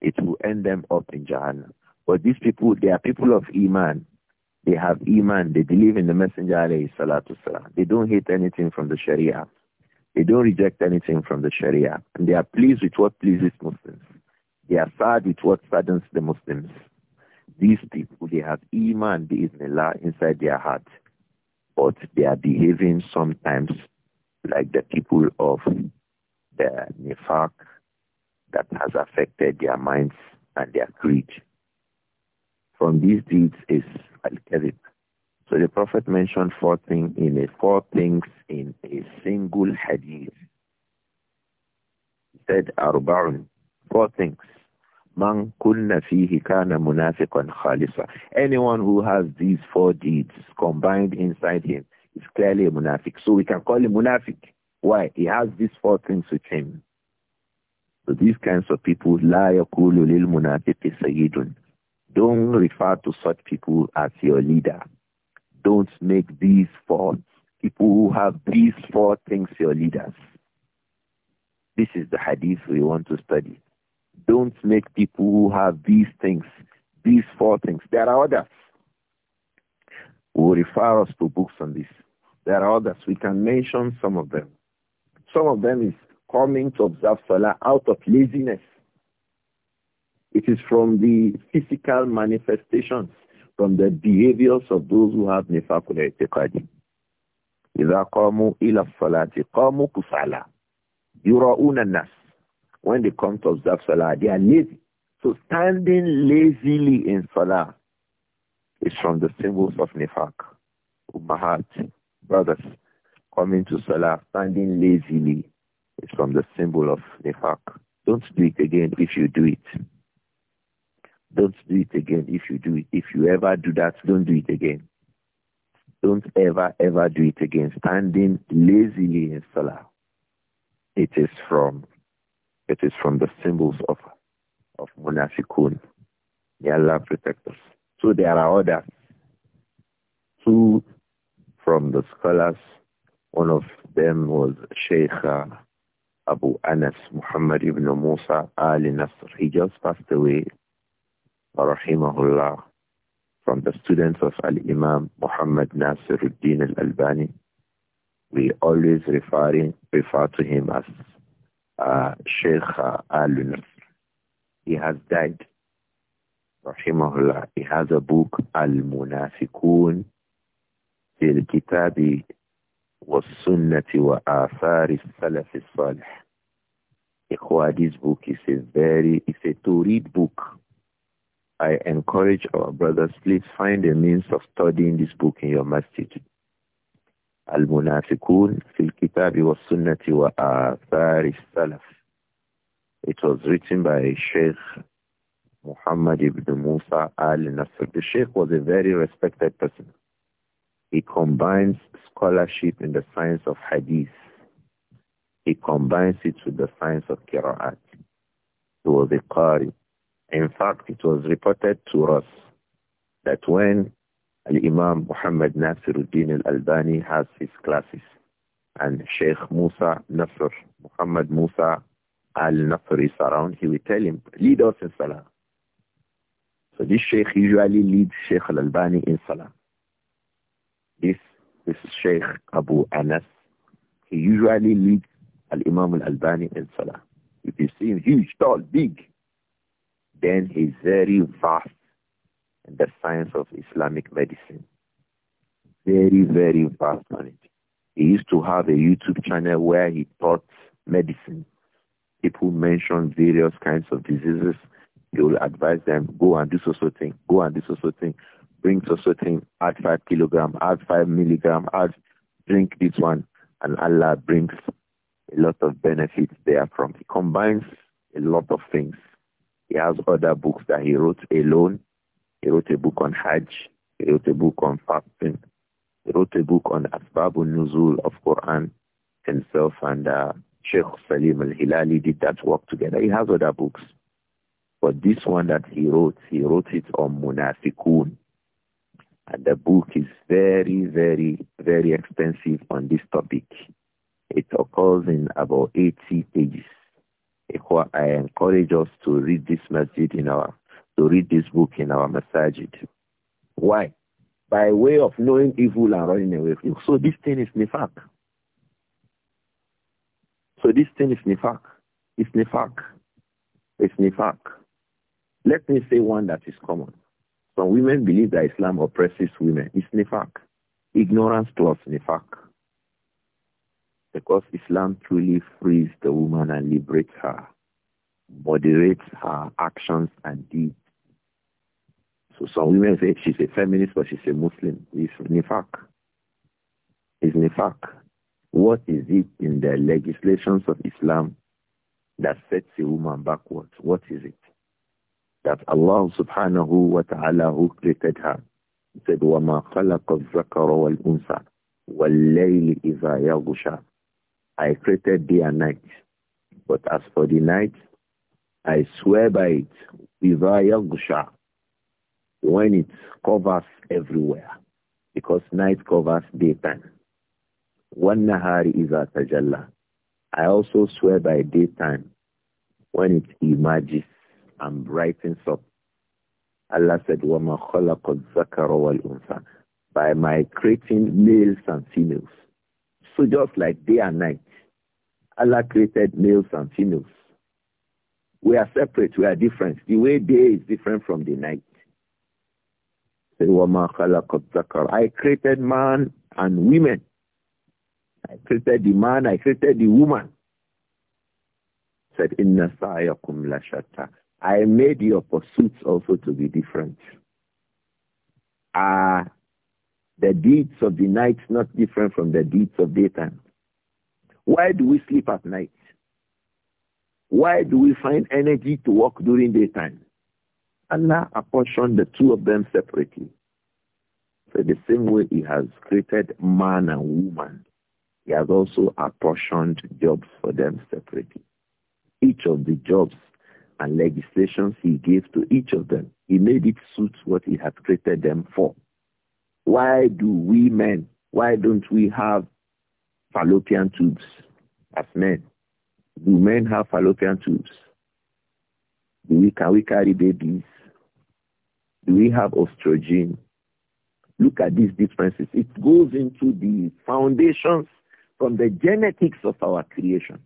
It will end them up in Jahannam. But these people, they are people of Iman. They have Iman. They believe in the Messenger, alayhi salatu salam. They don't hate anything from the Sharia. They don't reject anything from the Sharia. And they are pleased with what pleases Muslims. They are sad with what saddens the Muslims. These people, they have Iman, Bi'idhnillah, inside their heart. But they are behaving sometimes like the people of the Nifaq that has affected their minds and their creed. From these deeds is Al-Kadhib. So the Prophet mentioned four things in a four things in a single hadith. He said Arba'un, four things. Man kunna fihi kana munafiqan khalisa. Anyone who has these four deeds combined inside him is clearly a munafiq. So we can call him munafiq. Why? He has these four things with him. So these kinds of people, la yakulu lil munafiqi Don't refer to such people as your leader. Don't make these four people who have these four things your leaders. This is the hadith we want to study don't make people who have these things, these four things. There are others. We will refer us to books on this. There are others. We can mention some of them. Some of them is coming to observe Salah out of laziness. It is from the physical manifestations, from the behaviors of those who have nifaqul i'tiqadi. إذا قاموا إلى الصلاة قاموا كسالى يراؤون الناس when they come to observe Salah, they are lazy. So standing lazily in Salah is from the symbols of Nifaq. Ummahat, brothers, coming to Salah, standing lazily is from the symbol of Nifaq. Don't do it again if you do it. Don't do it again if you do it. If you ever do that, don't do it again. Don't ever, ever do it again. Standing lazily in Salah. It is from it is from the symbols of of munafiqun. May Allah protect us. So there are others. Two from the scholars. One of them was Sheikh uh, Abu Anas Muhammad ibn Musa al Nasr. He just passed away, rahimahullah, from the students of Al-Imam Muhammad Nasiruddin al-Albani. We always referring, refer to him as uh, Sheikh Al-Nasr. He has died. Rahimahullah. He has a book, Al-Munafikun, Fil Kitabi والسنة وآثار السلف Salaf Salih. this book is a very, it's a to-read book. I encourage our brothers, please find a means of studying this book in your masjid. Al-Munafiqun fil Kitab wa Sunnati wa It was written by Sheikh Muhammad ibn Musa al-Nasr. The Sheikh was a very respected person. He combines scholarship in the science of Hadith. He combines it with the science of Qira'at. He was a Qari. In fact, it was reported to us that when imam Muhammad Nasiruddin Al-Albani has his classes. And Sheikh Musa Nasr, Muhammad Musa Al-Nasr is around. He will tell him, lead us in Salah. So this Sheikh usually leads Sheikh Al-Albani in Salah. This, this is Sheikh Abu Anas. He usually leads Al-Imam Al-Albani in Salah. If you see him huge, tall, big, then he's very fast the science of Islamic medicine. Very, very vast on it. He used to have a YouTube channel where he taught medicine. People mentioned various kinds of diseases. He will advise them, go and do so so thing, go and do so so thing, bring so so thing, add five kilogram, add five milligram, add drink this one, and Allah brings a lot of benefits therefrom. He combines a lot of things. He has other books that he wrote alone he wrote a book on Hajj. He wrote a book on fasting. He wrote a book on Asbabun Nuzul of Quran himself and uh, Sheikh Salim al-Hilali did that work together. He has other books. But this one that he wrote, he wrote it on Munafikun. And the book is very, very, very extensive on this topic. It occurs in about 80 pages. I encourage us to read this message in our to read this book in our masajid. Why? By way of knowing evil and running away from it. So this thing is nefak. So this thing is nefak. It's nefak. It's nifaq. Let me say one that is common. Some women believe that Islam oppresses women. It's nefak. Ignorance plus nefak. Because Islam truly frees the woman and liberates her, moderates her actions and deeds so some women say she's a feminist, but she's a Muslim. It's nifaq. It's nifaq. What is it in the legislations of Islam that sets a woman backwards? What is it? That Allah subhanahu wa ta'ala who created her said, وَمَا خَلَقَ الذَّكَرَ وَالْأُنْثَى وَاللَّيْلِ إِذَا يَغْشَى I created day and night. But as for the night, I swear by it, إِذَا يَغْشَى when it covers everywhere, because night covers daytime. When nahari is at tajalla. I also swear by daytime when it emerges and brightens up. Allah said, وَمَا خَلَقَ الذَّكَرَ وَالْأُنْثَى By my creating males and females. So just like day and night, Allah created males and females. We are separate. We are different. The way day is different from the night. I created man and women. I created the man, I created the woman. Said, إِنَّ سَعْيَكُمْ Shatta. I made your pursuits also to be different. Are ah, the deeds of the night not different from the deeds of daytime? Why do we sleep at night? Why do we find energy to work during daytime? Allah apportioned the two of them separately. So the same way he has created man and woman, he has also apportioned jobs for them separately. Each of the jobs and legislations he gave to each of them, he made it suit what he had created them for. Why do we men, why don't we have fallopian tubes as men? Do men have fallopian tubes? Do we, can we carry babies? we have estrogen? Look at these differences. It goes into the foundations from the genetics of our creation.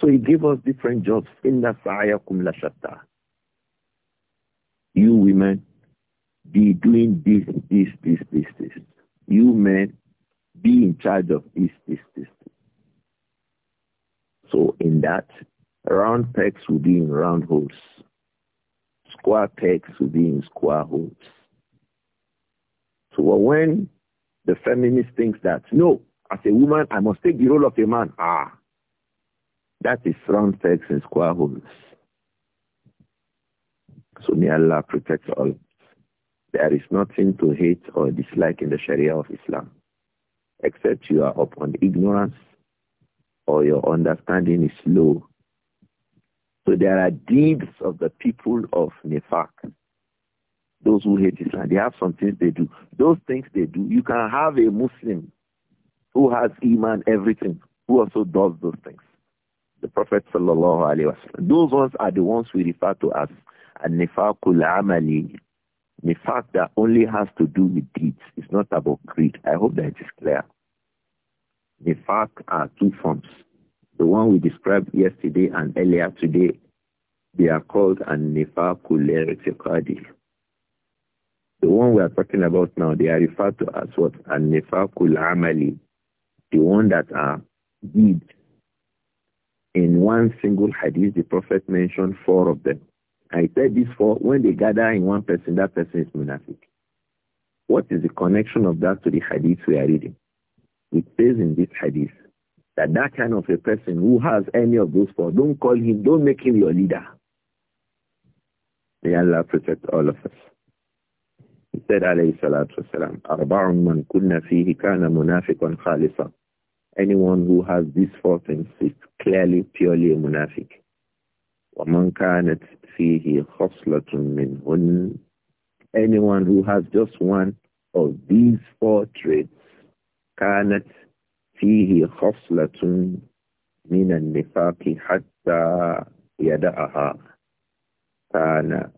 So he gave us different jobs. Inna Kumla Shatta, You women, be doing this, this, this, this, this. You men, be in charge of this, this, this, this. So in that, round pegs will be in round holes. Square pegs will be in square holes. So when the feminist thinks that, no, as a woman, I must take the role of a man. Ah, that is round pegs in square holes. So may Allah protect all. There is nothing to hate or dislike in the Sharia of Islam, except you are upon ignorance or your understanding is low so there are deeds of the people of Nefak, those who hate Islam. They have some things they do. Those things they do, you can have a Muslim who has Iman, everything, who also does those things. The Prophet sallallahu alaihi wasallam. Those ones are the ones we refer to as al nifakul amali. Nifak that only has to do with deeds. It's not about creed. I hope that it is clear. Nifak are two forms. The one we described yesterday and earlier today, they are called an-nifaqul The one we are talking about now, they are referred to as what? An-nifaqul amali. The one that are deeds. In one single hadith, the Prophet mentioned four of them. I said this for when they gather in one person, that person is munafiq. What is the connection of that to the hadith we are reading? It says in this hadith, that that kind of a person who has any of those four, don't call him, don't make him your leader. May Allah protect all of us. He said, alayhi salatu wasalam, أَرْبَعٌ مَنْ كُنَّ فِيهِ كَانَ مُنَافِقًا خَالِصًا Anyone who has these four things is clearly, purely a munafiq. وَمَنْ كَانَتْ فِيهِ خَصْلَةٌ مِّنْهُنْ Anyone who has just one of these four traits, كَانَتْ فيه خصلة من النفاق حتى يدعها كان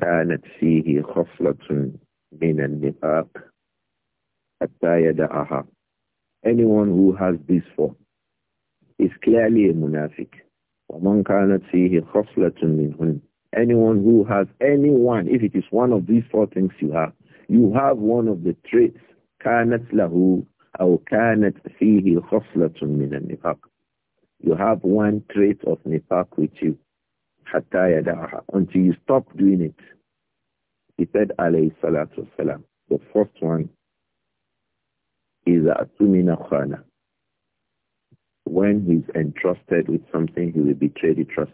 كانت فيه خصلة من النفاق حتى يدعها anyone who has this form is clearly a munafiq ومن كانت فيه خصلة منهن anyone who has anyone if it is one of these four things you have you have one of the traits كانت له أو كانت فيه خصلة من النفاق you have one trait of nifaq with you حتى يدعها until you stop doing it he said عليه الصلاة والسلام the first one is أتمنى خانة when he's entrusted with something he will betray the trust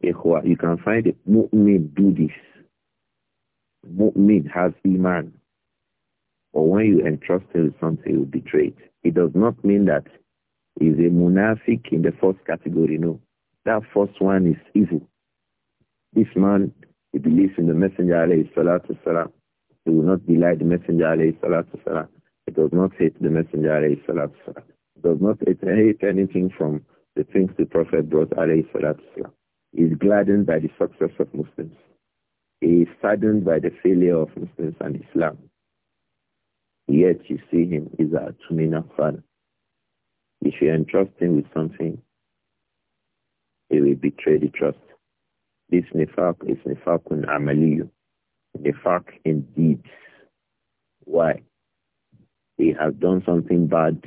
you can find a mu'min do this mu'min has iman or when you entrust him with something, he will betray it. It does not mean that he is a munafik in the first category. No, that first one is evil. This man, he believes in the Messenger alayhi salatu salam. He will not belie the Messenger alayhi salatu salam. He does not hate the Messenger alayhi salatu salam. He does not hate anything from the things the Prophet brought alayhi salatu salam. He is gladdened by the success of Muslims. He is saddened by the failure of Muslims and Islam. Yet you see him is a tumina father. If you entrust him with something, he will betray the trust. This nifaq is nifaqun amaliyu. Nifaq in deeds. Why? He has done something bad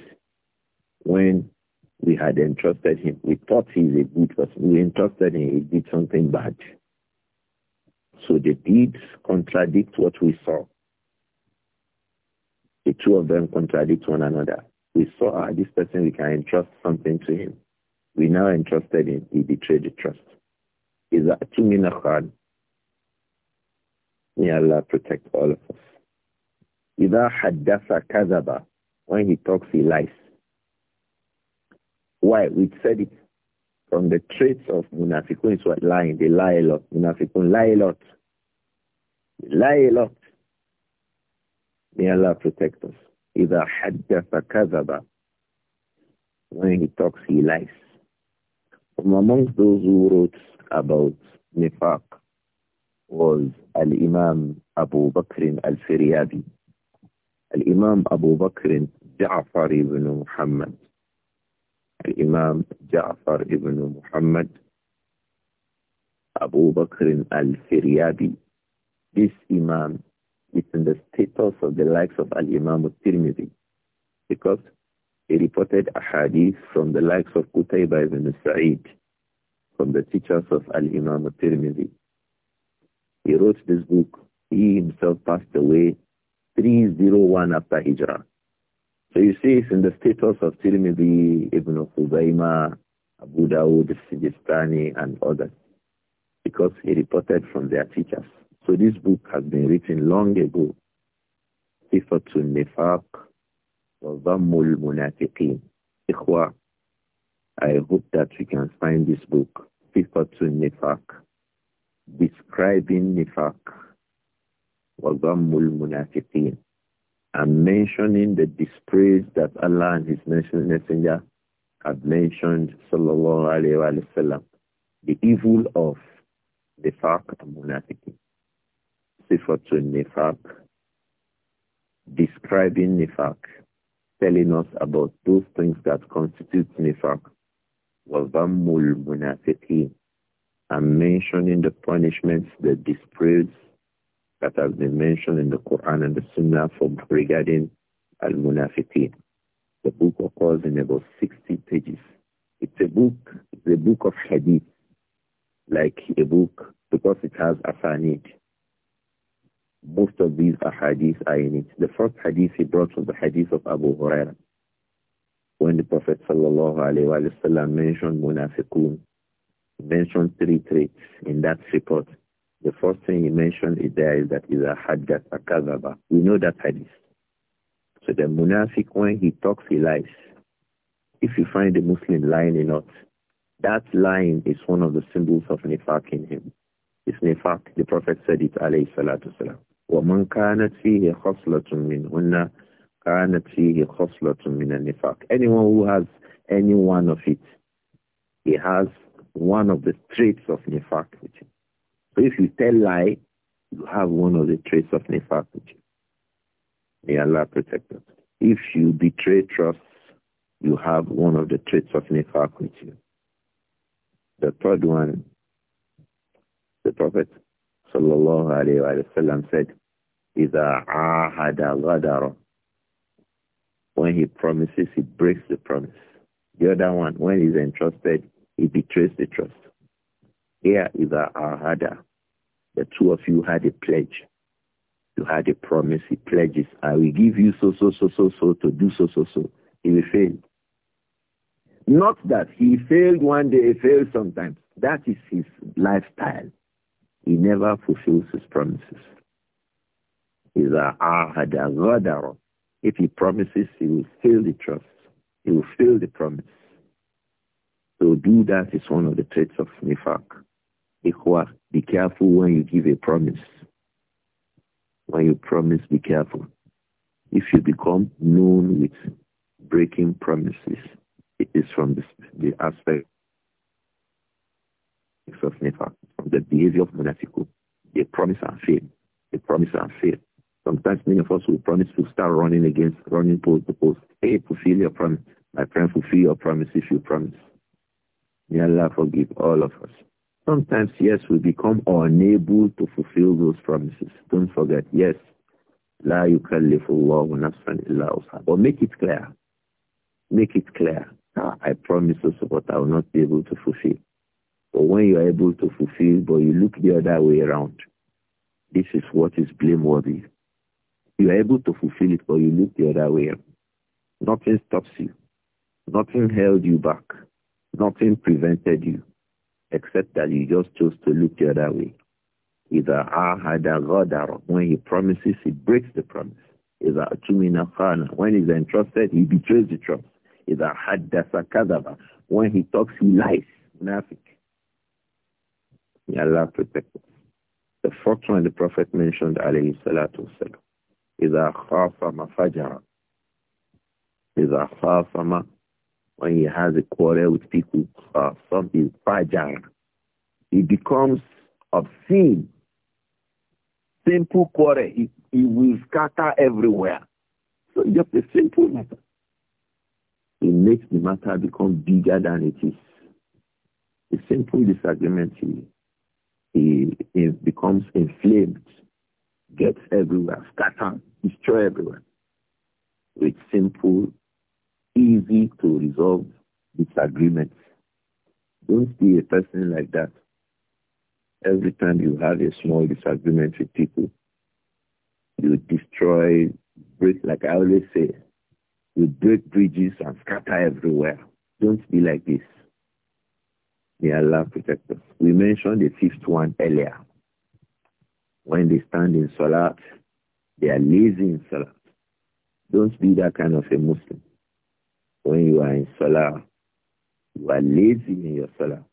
when we had entrusted him. We thought he is a good person. We entrusted him. He did something bad. So the deeds contradict what we saw. The two of them contradict one another. We saw this person, we can entrust something to him. We now entrusted him. He betrayed the trust. Is that too mean May Allah protect all of us. إذا حدث kazaba, when he talks he lies. Why? We said it from the traits of munafiqun is what lying. They lie a lot. Munafiqun lie a lot. They lie a lot. May Allah protect us. إِذَا حَدَّثَ kazaba. When he talks, he lies. From amongst those who wrote about nifaq was Al-Imam Abu Bakr Al-Firyabi. Al-Imam Abu Bakr Ja'far ibn Muhammad. Al-Imam Ja'far ibn Muhammad Abu Bakr Al-Firyabi. This Imam it's in the status of the likes of Al-Imam al-Tirmidhi because he reported a hadith from the likes of Qutayba ibn Sa'id from the teachers of Al-Imam al-Tirmidhi. He wrote this book. He himself passed away 301 after Hijrah. So you see it's in the status of Tirmidhi, Ibn Khuzaimah, Abu Dawud, Sijistani, and others because he reported from their teachers. So this book has been written long ago. صفة النفاق وضم المنافقين. إخوة, I hope that we can find this book, صفة النفاق, describing nifaq wa المنافقين. i and mentioning the disgrace that Allah and His Messenger have mentioned, sallallahu alayhi wa, sallam, the evil of the fact of munafiqin sifatun nifaq, describing nifaq, telling us about those things that constitute nifaq, wazammul munafiqin, and mentioning the punishments, the dispraise that have been mentioned in the Quran and the Sunnah for regarding al-munafiqin. The book occurs in about 60 pages. It's a book, it's a book of hadith, like a book, because it has asanid. Most of these ahadith are in it. The first hadith he brought was the hadith of Abu Huraira. When the Prophet sallallahu alayhi wa sallam mentioned munafiqun, mentioned three traits in that report. The first thing he mentioned is there is that is a a akadaba. We know that hadith. So the munafiq, when he talks, he lies. If you find a Muslim lying or not, that lying is one of the symbols of nifaq in him. It's nifaq. The Prophet said it, alayhi salatu salam. ومن كانت فيه خصلة منهن كانت فيه خصلة من النفاق anyone who has any one of it he has one of the traits of nifaq with him so if you tell lie you have one of the traits of nifaq with you may Allah protect us if you betray trust you have one of the traits of nifaq with you the third one the prophet Allah alayhi wa sallam said, إِذَا عَاهَدَ غَدَرًا When he promises, he breaks the promise. The other one, when he's entrusted, he betrays the trust. Here, إِذَا عَاهَدَ The two of you had a pledge. You had a promise. He pledges, I will give you so, so, so, so, so, to do so, so, so. He will fail. Not that he failed one day, he failed sometimes. That is his lifestyle. He never fulfills his promises. If he promises, he will fail the trust. He will fail the promise. So do that is one of the traits of nifak. Ikhwa, be careful when you give a promise. When you promise, be careful. If you become known with breaking promises, it is from the, the aspect of never. from the behavior of Munafiku. They promise and fail. They promise and fail. Sometimes many of us will promise to start running against, running post to post. Hey, fulfill your promise. My friend, fulfill your promise if you promise. May Allah forgive all of us. Sometimes, yes, we become unable to fulfill those promises. Don't forget, yes, La yukallifullahu nafsan illa usaha. But make it clear. Make it clear. Ah, I promise also, but I will not be able to fulfill. But when you are able to fulfill, but you look the other way around, this is what is blameworthy. You are able to fulfill it, but you look the other way. Nothing stops you. Nothing held you back. Nothing prevented you, except that you just chose to look the other way. Either ahada Goda, when he promises, he breaks the promise. Either mina khana, when he's entrusted, he betrays the trust. Either haddasa kadaba, when he talks, he lies. May Allah protect us. The fourth one the Prophet mentioned, alayhi salatu wasalam, إِذَا خَافَ مَفَجَرًا إِذَا خَافَ مَ When he has a quarrel with people, uh, something fajar, he becomes obscene. Simple quarrel, he, he will scatter everywhere. So just a simple matter. It makes the matter become bigger than it is. A simple disagreement he, he becomes inflamed, gets everywhere, scatter, destroy everyone with simple, easy to resolve disagreements. Don't be a person like that. Every time you have a small disagreement with people, you destroy, break, like I always say, you break bridges and scatter everywhere. Don't be like this. May Allah protect us. We mentioned the fifth one earlier. When they stand in Salat, they are lazy in Salat. Don't be that kind of a Muslim. When you are in Salah, you are lazy in your Salah.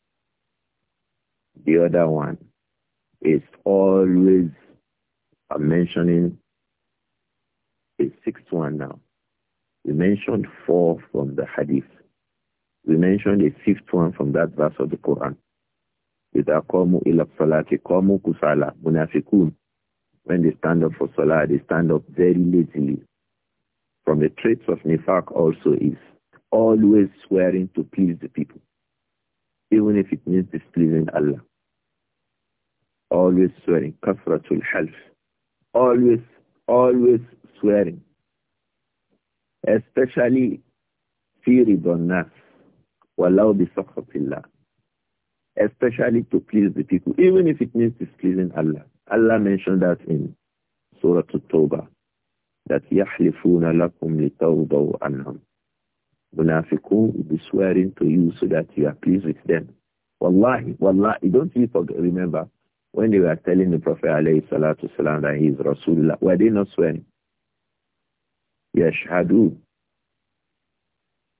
The other one is always I'm mentioning the sixth one now. We mentioned four from the hadith. We mentioned a fifth one from that verse of the Quran. When they stand up for salah, they stand up very lazily. From the traits of nifaq also is always swearing to please the people, even if it means displeasing Allah. Always swearing, kafratul half. Always, always swearing. Especially fear nas Wallahu bi sakhatillah. Especially to please the people, even if it means displeasing Allah. Allah mentioned that in Surah At-Tawbah that يَحْلِفُونَ لَكُمْ litawdaw عَنْهُمْ. Munafiqun will be swearing to you so that you are pleased with them. Wallahi, wallahi, don't you forget, remember when they were telling the Prophet alayhi salatu salam that he is Rasulullah, were they not swearing? يَشْهَدُونَ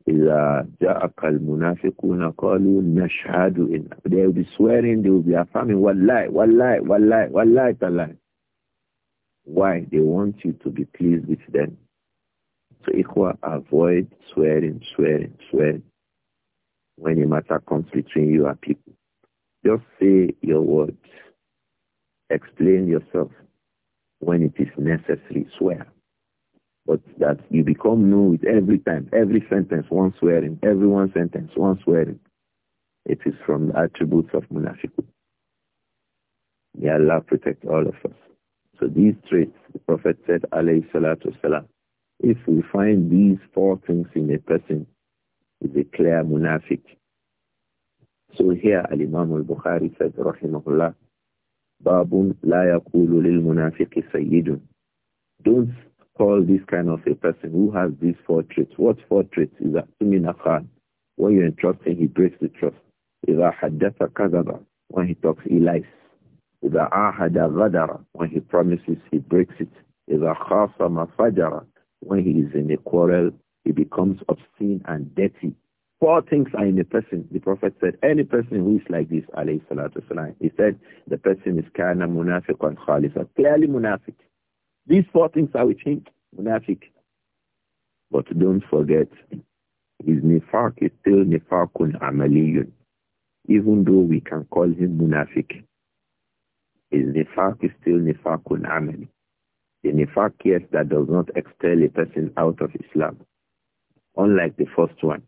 إذا جاءك المنافقون قالوا نشهد إن they will be swearing they will be affirming wallahi wallahi wallahi wallahi tallahi why they want you to be pleased with them so ikhwa avoid swearing swearing swearing when a matter comes between you and people just say your words explain yourself when it is necessary swear but that you become new with every time, every sentence, one swearing, every one sentence, one swearing. It is from the attributes of munafiq. May Allah protect all of us. So these traits, the Prophet said, alayhi salatu salam, if we find these four things in a person, is a clear munafiq. So here Al-Imam al-Bukhari said, rahimahullah, babun la yakulu lil munafiqi sayyidun. Don't call this kind of a person who has these four traits. What four traits is that? Tumina When you entrust him, he breaks the trust. إذا حدث كذب. When he talks, he lies. إذا عاهد vadara. When he promises, he breaks it. Is إذا خاصم فجر. When he is in a quarrel, he becomes obscene and dirty. Four things are in a person. The Prophet said, any person who is like this, alayhi salatu Salam. he said, the person is kana and khalisa. Clearly munafiq. These four things are with him, munafiq. But don't forget, his nifaq is still nifaqun amaliyun. Even though we can call him munafiq, his nifaq is still nifaqun amali. The nifaq, yes, that does not expel a person out of Islam. Unlike the first one,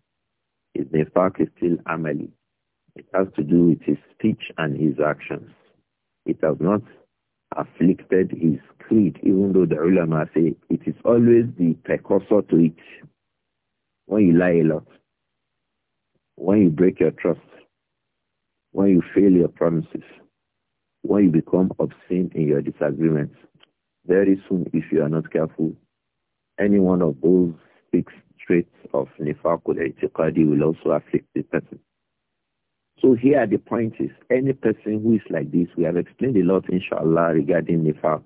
his nifaq is still amali. It has to do with his speech and his actions. It does not afflicted his creed, even though the ulama say it is always the precursor to it. When you lie a lot, when you break your trust, when you fail your promises, when you become obscene in your disagreements, very soon, if you are not careful, any one of those six traits of nifaqul i'tiqadi will also afflict the person. So here the point is, any person who is like this, we have explained a lot, inshallah, regarding nifaq,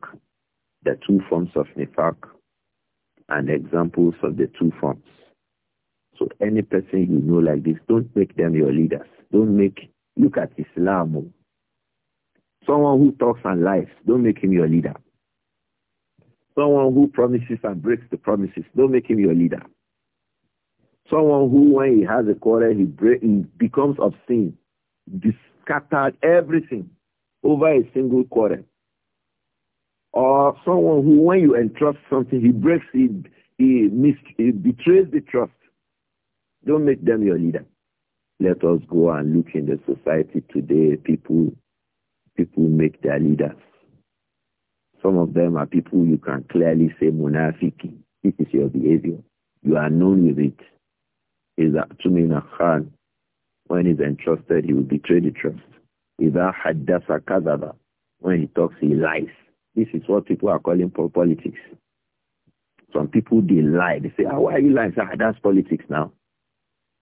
the two forms of nifaq, and examples of the two forms. So any person you know like this, don't make them your leaders. Don't make, look at Islam. Oh. Someone who talks and lies, don't make him your leader. Someone who promises and breaks the promises, don't make him your leader. Someone who, when he has a quarrel, he, break, he becomes obscene scattered everything over a single quarter, Or someone who, when you entrust something, he breaks it, he, mis- he betrays the trust. Don't make them your leader. Let us go and look in the society today. People, people make their leaders. Some of them are people you can clearly say munafiki. This is your behavior. You are known with it. Is that a Khan? When he's entrusted, he will betray the trust. a حَدَّثَ كَذَبَ When he talks, he lies. This is what people are calling politics. Some people, they lie. They say, oh, why are you lying? Ah, that's politics now.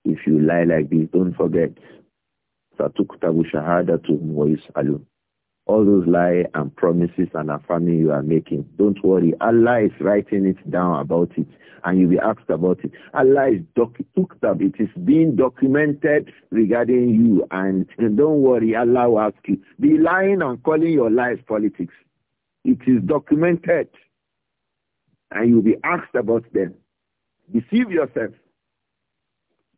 If you lie like this, don't forget. فَتُكْتَبُ شَهَادَةٌ وَيُسْأَلُونَ all those lies and promises and affirming you are making. Don't worry. Allah is writing it down about it and you'll be asked about it. Allah is cooked up. It is being documented regarding you and, and don't worry, Allah will ask you. Be lying and calling your lies politics. It is documented and you'll be asked about them. Deceive yourself.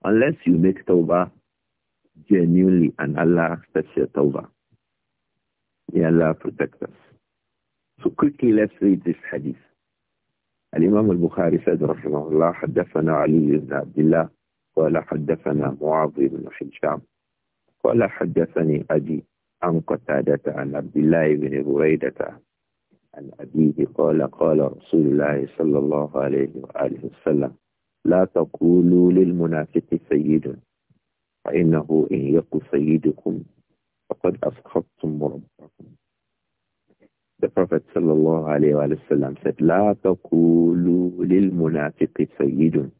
Unless you make tawbah genuinely and Allah accepts your tawbah. May Allah protect us. So quickly, let's read this hadith. الإمام البخاري سيد رحمه الله حدثنا علي بن عبد الله قال حدثنا معاذ بن حجام قال حدثني أبي عن قتادة عن عبد الله بن بريدة عن أبيه قال قال رسول الله صلى الله عليه وآله وسلم لا تقولوا للمنافق سيد فإنه إن يق سيدكم فقد أسخطتم ربكم The Prophet الله عليه وآله وسلم said, لا تقولوا للمنافق سيد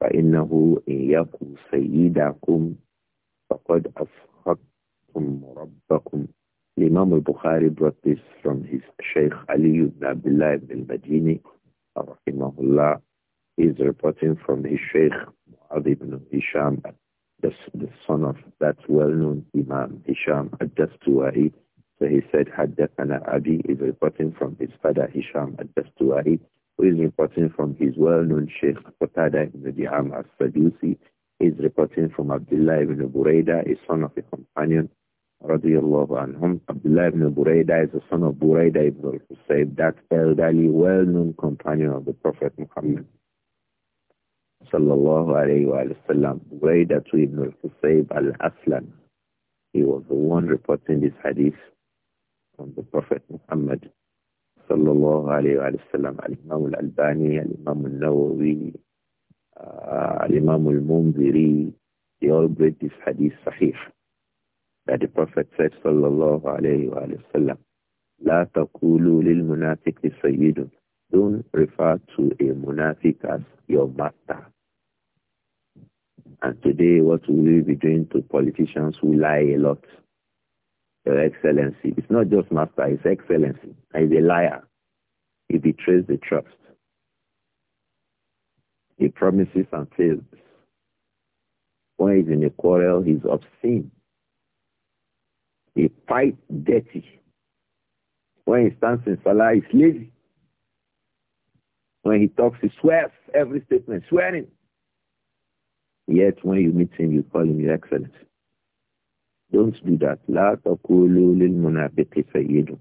فإنه إن يكو سيدكم فقد أسخطتم ربكم Imam al-Bukhari brought this from his علي Ali ibn Abdullah ibn al-Madini, rahimahullah. is reporting from his شيخ Mu'adh ibn Hisham the, the son of that well-known Imam Hisham al-Dastuwai. So he said, Haddathana Abi is reporting from his father Hisham al-Dastuwai, who is reporting from his well-known Sheikh Potada ibn Di'am al-Sadusi, is reporting from Abdullah ibn Buraida, a son of a companion, radiallahu anhum. Abdullah ibn Buraida is the son of Buraida ibn al-Husayb, that elderly, well-known companion of the Prophet Muhammad sallallahu alayhi wa sallam, we know to husayb al-Aslan. He was the one reporting this hadith from the Prophet Muhammad sallallahu alayhi wa sallam, al-Imam al-Albani, al-Imam al-Nawawi, uh, al-Imam al-Munziri. They all read this hadith sahih that the Prophet said sallallahu alayhi wa sallam, لا تقولوا للمنافق سيد Don't refer to a munafik as your master. And today, what will we be doing to politicians who lie a lot? Your Excellency. It's not just Master, it's Excellency. He's a liar. He betrays the trust. He promises and fails. When he's in a quarrel, he's obscene. He fights dirty. When he stands in Salah, he's lazy. When he talks, he swears every statement, swearing. Yet when you meet him, you call him your excellency. Don't do that. لا تقولوا للمنافق سيد.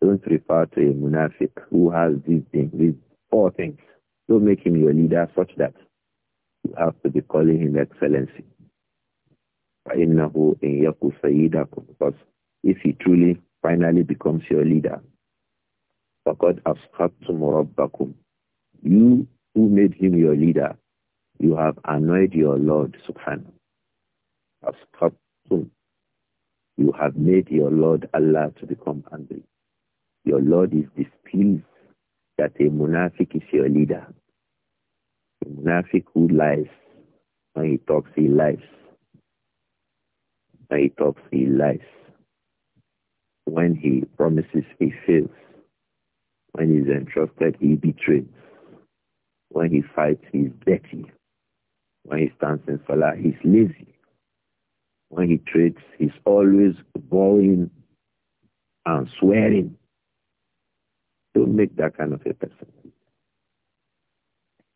Don't refer to a munafiq who has these things, these four things. Don't make him your leader such that you have to be calling him excellency. فإنه إن يكو سيدكم because if he truly finally becomes your leader فقد أسخطتم ربكم you who made him your leader you have annoyed your Lord, subhanahu. You have made your Lord Allah to become angry. Your Lord is displeased that a munafiq is your leader. A munafiq who lies. When he talks, he lies. When he talks, he lies. When he promises, he fails. When he's entrusted, he betrays. When he fights, he's dirty. When he stands in Salah, he's lazy. When he trades, he's always bawling and swearing. Don't make that kind of a person.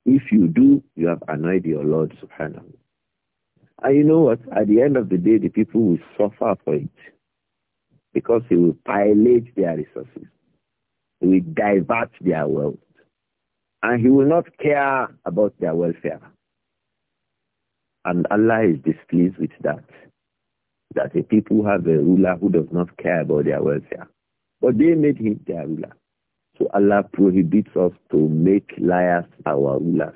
If you do, you have annoyed your Lord subhanahu. And you know what? At the end of the day, the people will suffer for it because he will pilate their resources. He will divert their wealth. And he will not care about their welfare. And Allah is displeased with that, that a people have a ruler who does not care about their welfare. But they made him their ruler. So Allah prohibits us to make liars our rulers.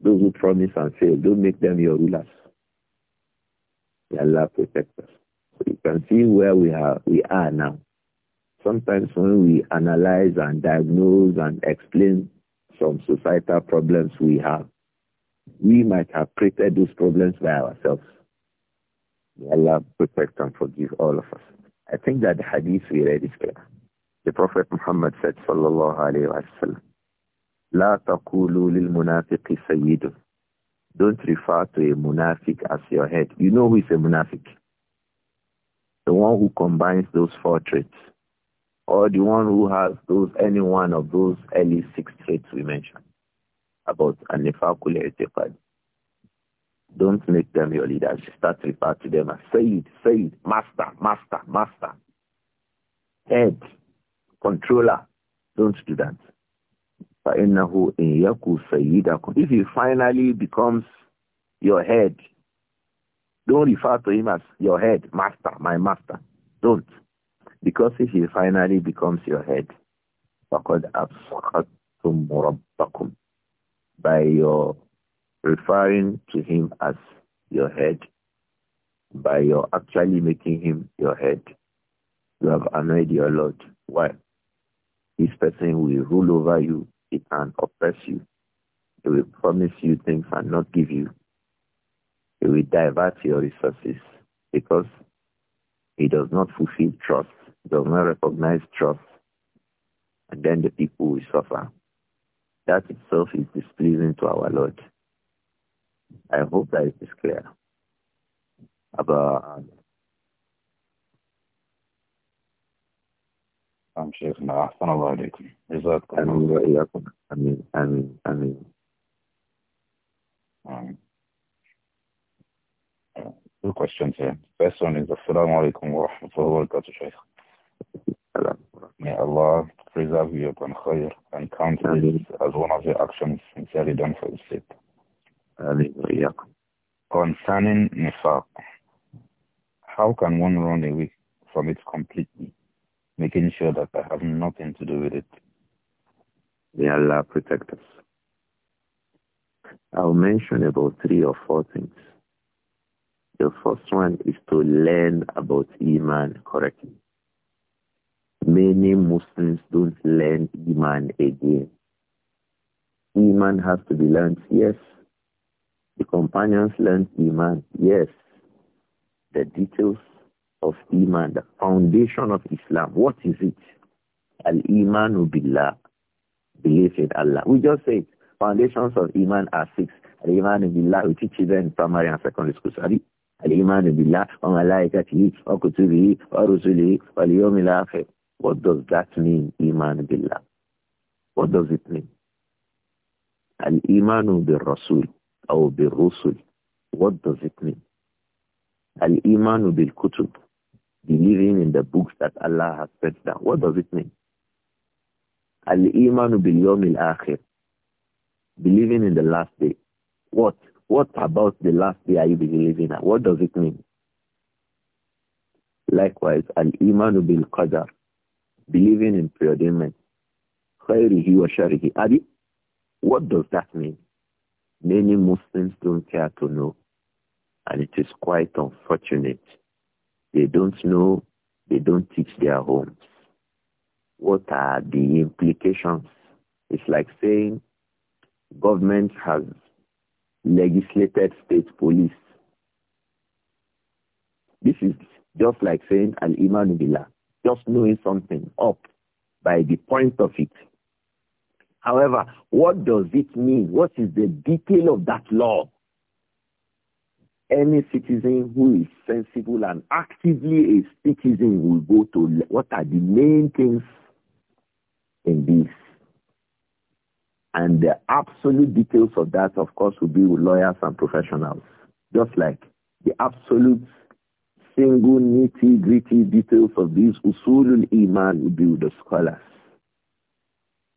Those who promise and fail, don't make them your rulers. May Allah protect us. So you can see where we are, we are now. Sometimes when we analyze and diagnose and explain some societal problems we have, we might have created those problems by ourselves. May Allah protect and forgive all of us. I think that the hadith we read is clear. The Prophet Muhammad said, sallallahu alayhi Wasallam, sallam, لا تقولوا للمنافق سيد. Don't refer to a munafiq as your head. You know who is a munafiq. The one who combines those four traits. Or the one who has those, any one of those early six traits we mentioned about An-Nifaqul I'tiqad. Don't make them your leaders. Start refer to them as Sayyid, Sayyid, Master, Master, Master, Head, Controller. Don't do that. فَإِنَّهُ إِنْ يَكُوا سَيِّدَكُمْ If he finally becomes your head, don't refer to him as your head, master, my master. Don't. Because if he finally becomes your head, فَقَدْ أَبْسَخَتْتُمْ رَبَّكُمْ by your referring to him as your head, by your actually making him your head, you have annoyed your Lord. Why? This person will rule over you. he can oppress you. He will promise you things and not give you. He will divert your resources because he does not fulfill trust, does not recognize trust, and then the people will suffer. That itself is displeasing to our Lord. I hope that it is clear. About I'm sure شيخنا أحسن الله عليكم جزاكم I mean, I mean, I mean. Two questions here. First one is Assalamu alaikum wa rahmatullahi wa barakatuh, Shaykh. May Allah preserve you upon khair and count this as one of your actions sincerely done for his sake. Concerning nifaq, how can one run away from it completely, making sure that I have nothing to do with it? May Allah protect us. I'll mention about three or four things. The first one is to learn about Iman correctly many Muslims don't learn Iman again. Iman has to be learned, yes. The companions learned Iman, yes. The details of Iman, the foundation of Islam, what is it? Al-Imanu Billah, belief in Allah. We just say foundations of Iman are six. Al-Imanu Billah, we teach children in primary and secondary schools. Al-Imanu Billah, wa malaikatihi, wa kutubihi, wa rusulihi, wa liyomil what does that mean, Iman Billah? What does it mean? Al-Imanu bil Rasul or bil Rusul. What does it mean? Al-Imanu bil Kutub. Believing in the books that Allah has sent down. What does it mean? Al-Imanu bil Yawm al-Akhir. Believing in the last day. What? What about the last day are you believing in? What does it mean? Likewise, al-Imanu bil Qadar believing in preordainment. Khairihi wa sharihi. Adi, what does that mean? Many Muslims don't care to know. And it is quite unfortunate. They don't know. They don't teach their homes. What are the implications? It's like saying government has legislated state police. This is just like saying al iman Billah just knowing something up by the point of it. However, what does it mean? What is the detail of that law? Any citizen who is sensible and actively a citizen will go to what are the main things in this. And the absolute details of that, of course, will be with lawyers and professionals, just like the absolute single nitty-gritty details of these usulul iman would be the scholars.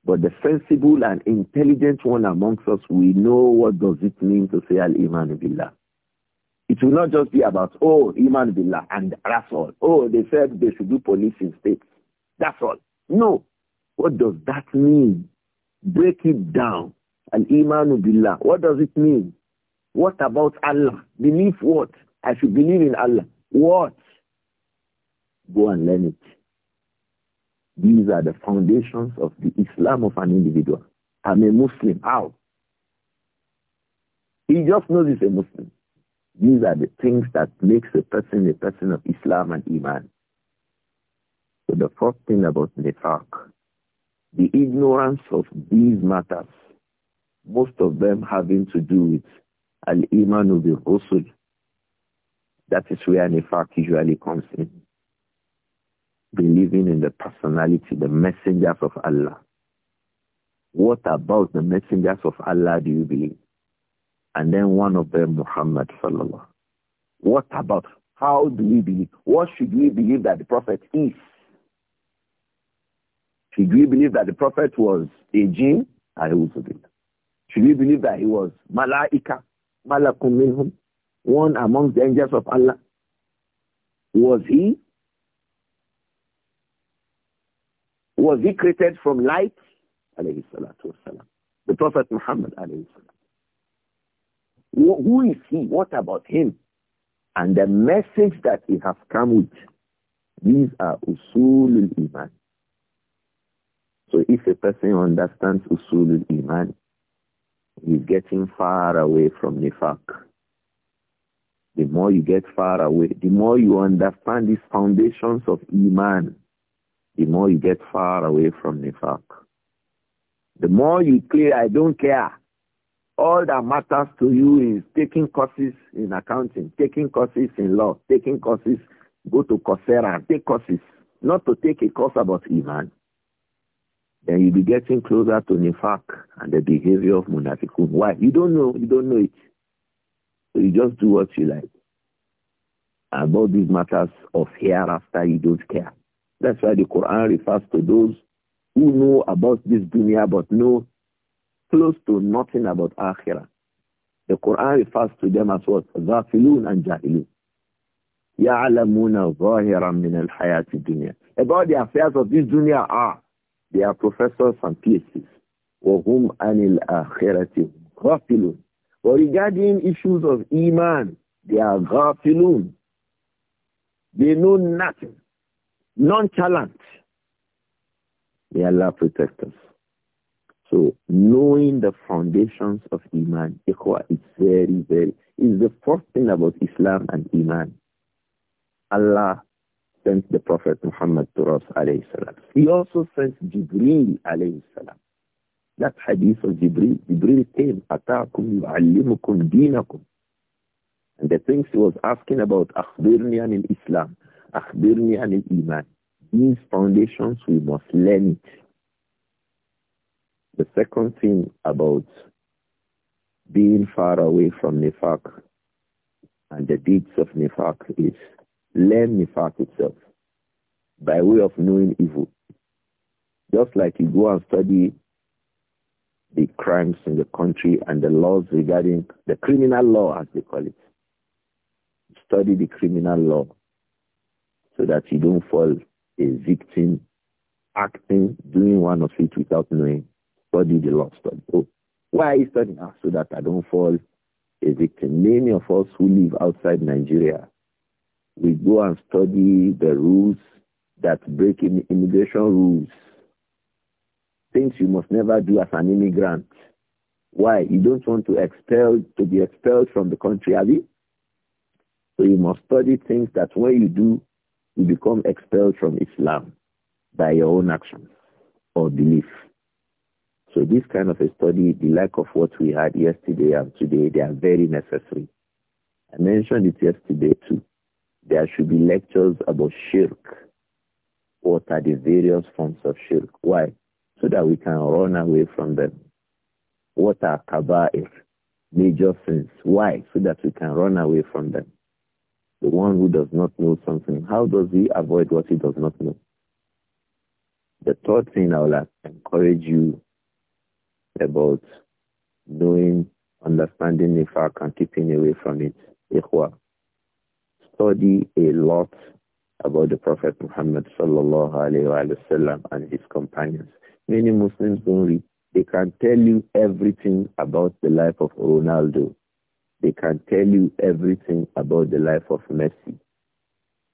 But the sensible and intelligent one amongst us, we know what does it mean to say al-iman billah. It will not just be about, oh, iman billah, and that's all. Oh, they said they should do police in states. That's all. No. What does that mean? Break it down. Al-iman billah. What does it mean? What about Allah? Believe what? I should believe in Allah. What? Go and learn it. These are the foundations of the Islam of an individual. I'm a Muslim. How? He just knows he's a Muslim. These are the things that makes a person a person of Islam and Iman. So the first thing about Nifaq, the ignorance of these matters, most of them having to do with Al-Imanu bil-Rusul, that is where fact, usually comes in. Believing in the personality, the messengers of Allah. What about the messengers of Allah do you believe? And then one of them, Muhammad sallallahu. What about, how do we believe? What should we believe that the Prophet is? Should we believe that the Prophet was a jinn? I also believe. Should we believe that he was malaika? Malakum minhum? one among the angels of Allah? Was he? Was he created from light? The Prophet Muhammad Who is he? What about him? And the message that he has come with. These are usulul iman. So if a person understands usulul iman, he's getting far away from nifaq. the more you get far away, the more you understand these foundations of Iman, the more you get far away from Nifaq. The more you clear, I don't care. All that matters to you is taking courses in accounting, taking courses in law, taking courses, go to Coursera take courses, not to take a course about Iman. Then you'll be getting closer to Nifaq and the behavior of munafikun. Why? You don't know. You don't know it. So you just do what you like. About these matters of hereafter, you don't care. That's why the Quran refers to those who know about this dunya but know close to nothing about akhirah. The Quran refers to them as what? Zafilun and Jahilun. يَعْلَمُونَ ظَاهِرًا مِنَ الْحَيَاةِ الدُّنْيَا About the affairs of this dunya are, they are professors and PhDs. وَهُمْ anil الْآخِرَةِ غَافِلُونَ but regarding issues of Iman, they are ghafilun. They know nothing. Nonchalant. May Allah protect us. So knowing the foundations of Iman, it's very, very, is the first thing about Islam and Iman. Allah sent the Prophet Muhammad to us, alayhi salam. He also sent Jibreel, alayhi salam. That hadith of Jibril, Jibril came, أَتَاكُمْ يُعَلِّمُكُمْ دِينَكُمْ And the things he was asking about, أَخْبِرْنِي in Islam, أَخْبِرْنِي in Iman. These foundations, we must learn it. The second thing about being far away from Nifaq and the deeds of Nifaq is learn Nifaq itself by way of knowing evil. Just like you go and study the crimes in the country and the laws regarding the criminal law, as they call it. Study the criminal law so that you don't fall a victim, acting, doing one of it without knowing. Study the law. Study. Oh, why are you studying? Ah, so that I don't fall a victim. Many of us who live outside Nigeria, we go and study the rules that break immigration rules Things you must never do as an immigrant. Why? You don't want to expel to be expelled from the country, have you? So you must study things that when you do, you become expelled from Islam by your own actions or belief. So this kind of a study, the like of what we had yesterday and today, they are very necessary. I mentioned it yesterday too. There should be lectures about shirk. What are the various forms of shirk? Why? so that we can run away from them. What are kaba'ir, major sins? Why? So that we can run away from them. The one who does not know something, how does he avoid what he does not know? The third thing I will encourage you about knowing, understanding nifaq and keeping away from it. Ikhwa, study a lot about the Prophet Muhammad sallallahu alaihi wasallam and his companions. Many Muslims don't read. They can tell you everything about the life of Ronaldo. They can tell you everything about the life of Messi.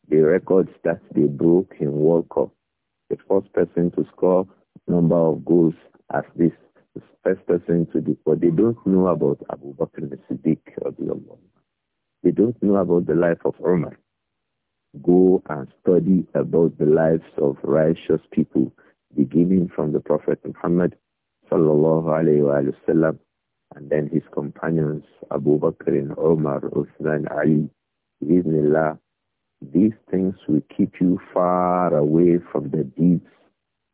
The records that they broke in World Cup. The first person to score number of goals as this the first person to do, but they don't know about Abu Bakr al-Siddiq. They don't know about the life of Omar. Go and study about the lives of righteous people beginning from the Prophet Muhammad sallallahu alayhi and then his companions Abu Bakr and Omar, Uthman, Ali, Bismillah. These things will keep you far away from the deeds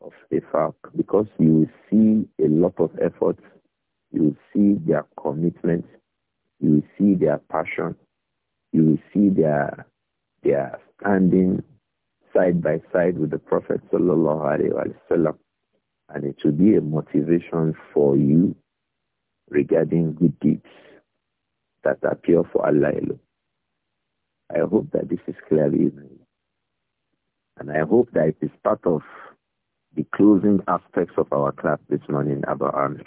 of Ifaq because you will see a lot of efforts, you will see their commitment, you will see their passion, you will see their their standing side by side with the Prophet sallallahu and it will be a motivation for you regarding good deeds that appear for Allah alone. I hope that this is clear evening. And I hope that it is part of the closing aspects of our class this morning, Abu Amir.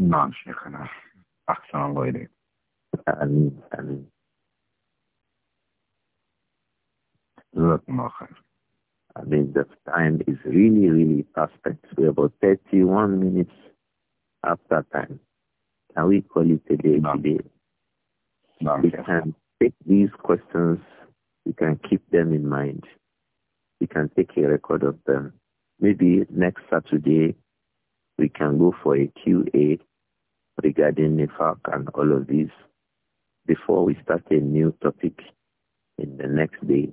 نعم شيخنا أحسن الله إليك I mean, the time is really, really perfect. We're about 31 minutes after time. Can we call it a day today? We can take these questions. We can keep them in mind. We can take a record of them. Maybe next Saturday, we can go for a QA regarding NIFAC and all of these before we start a new topic in the next day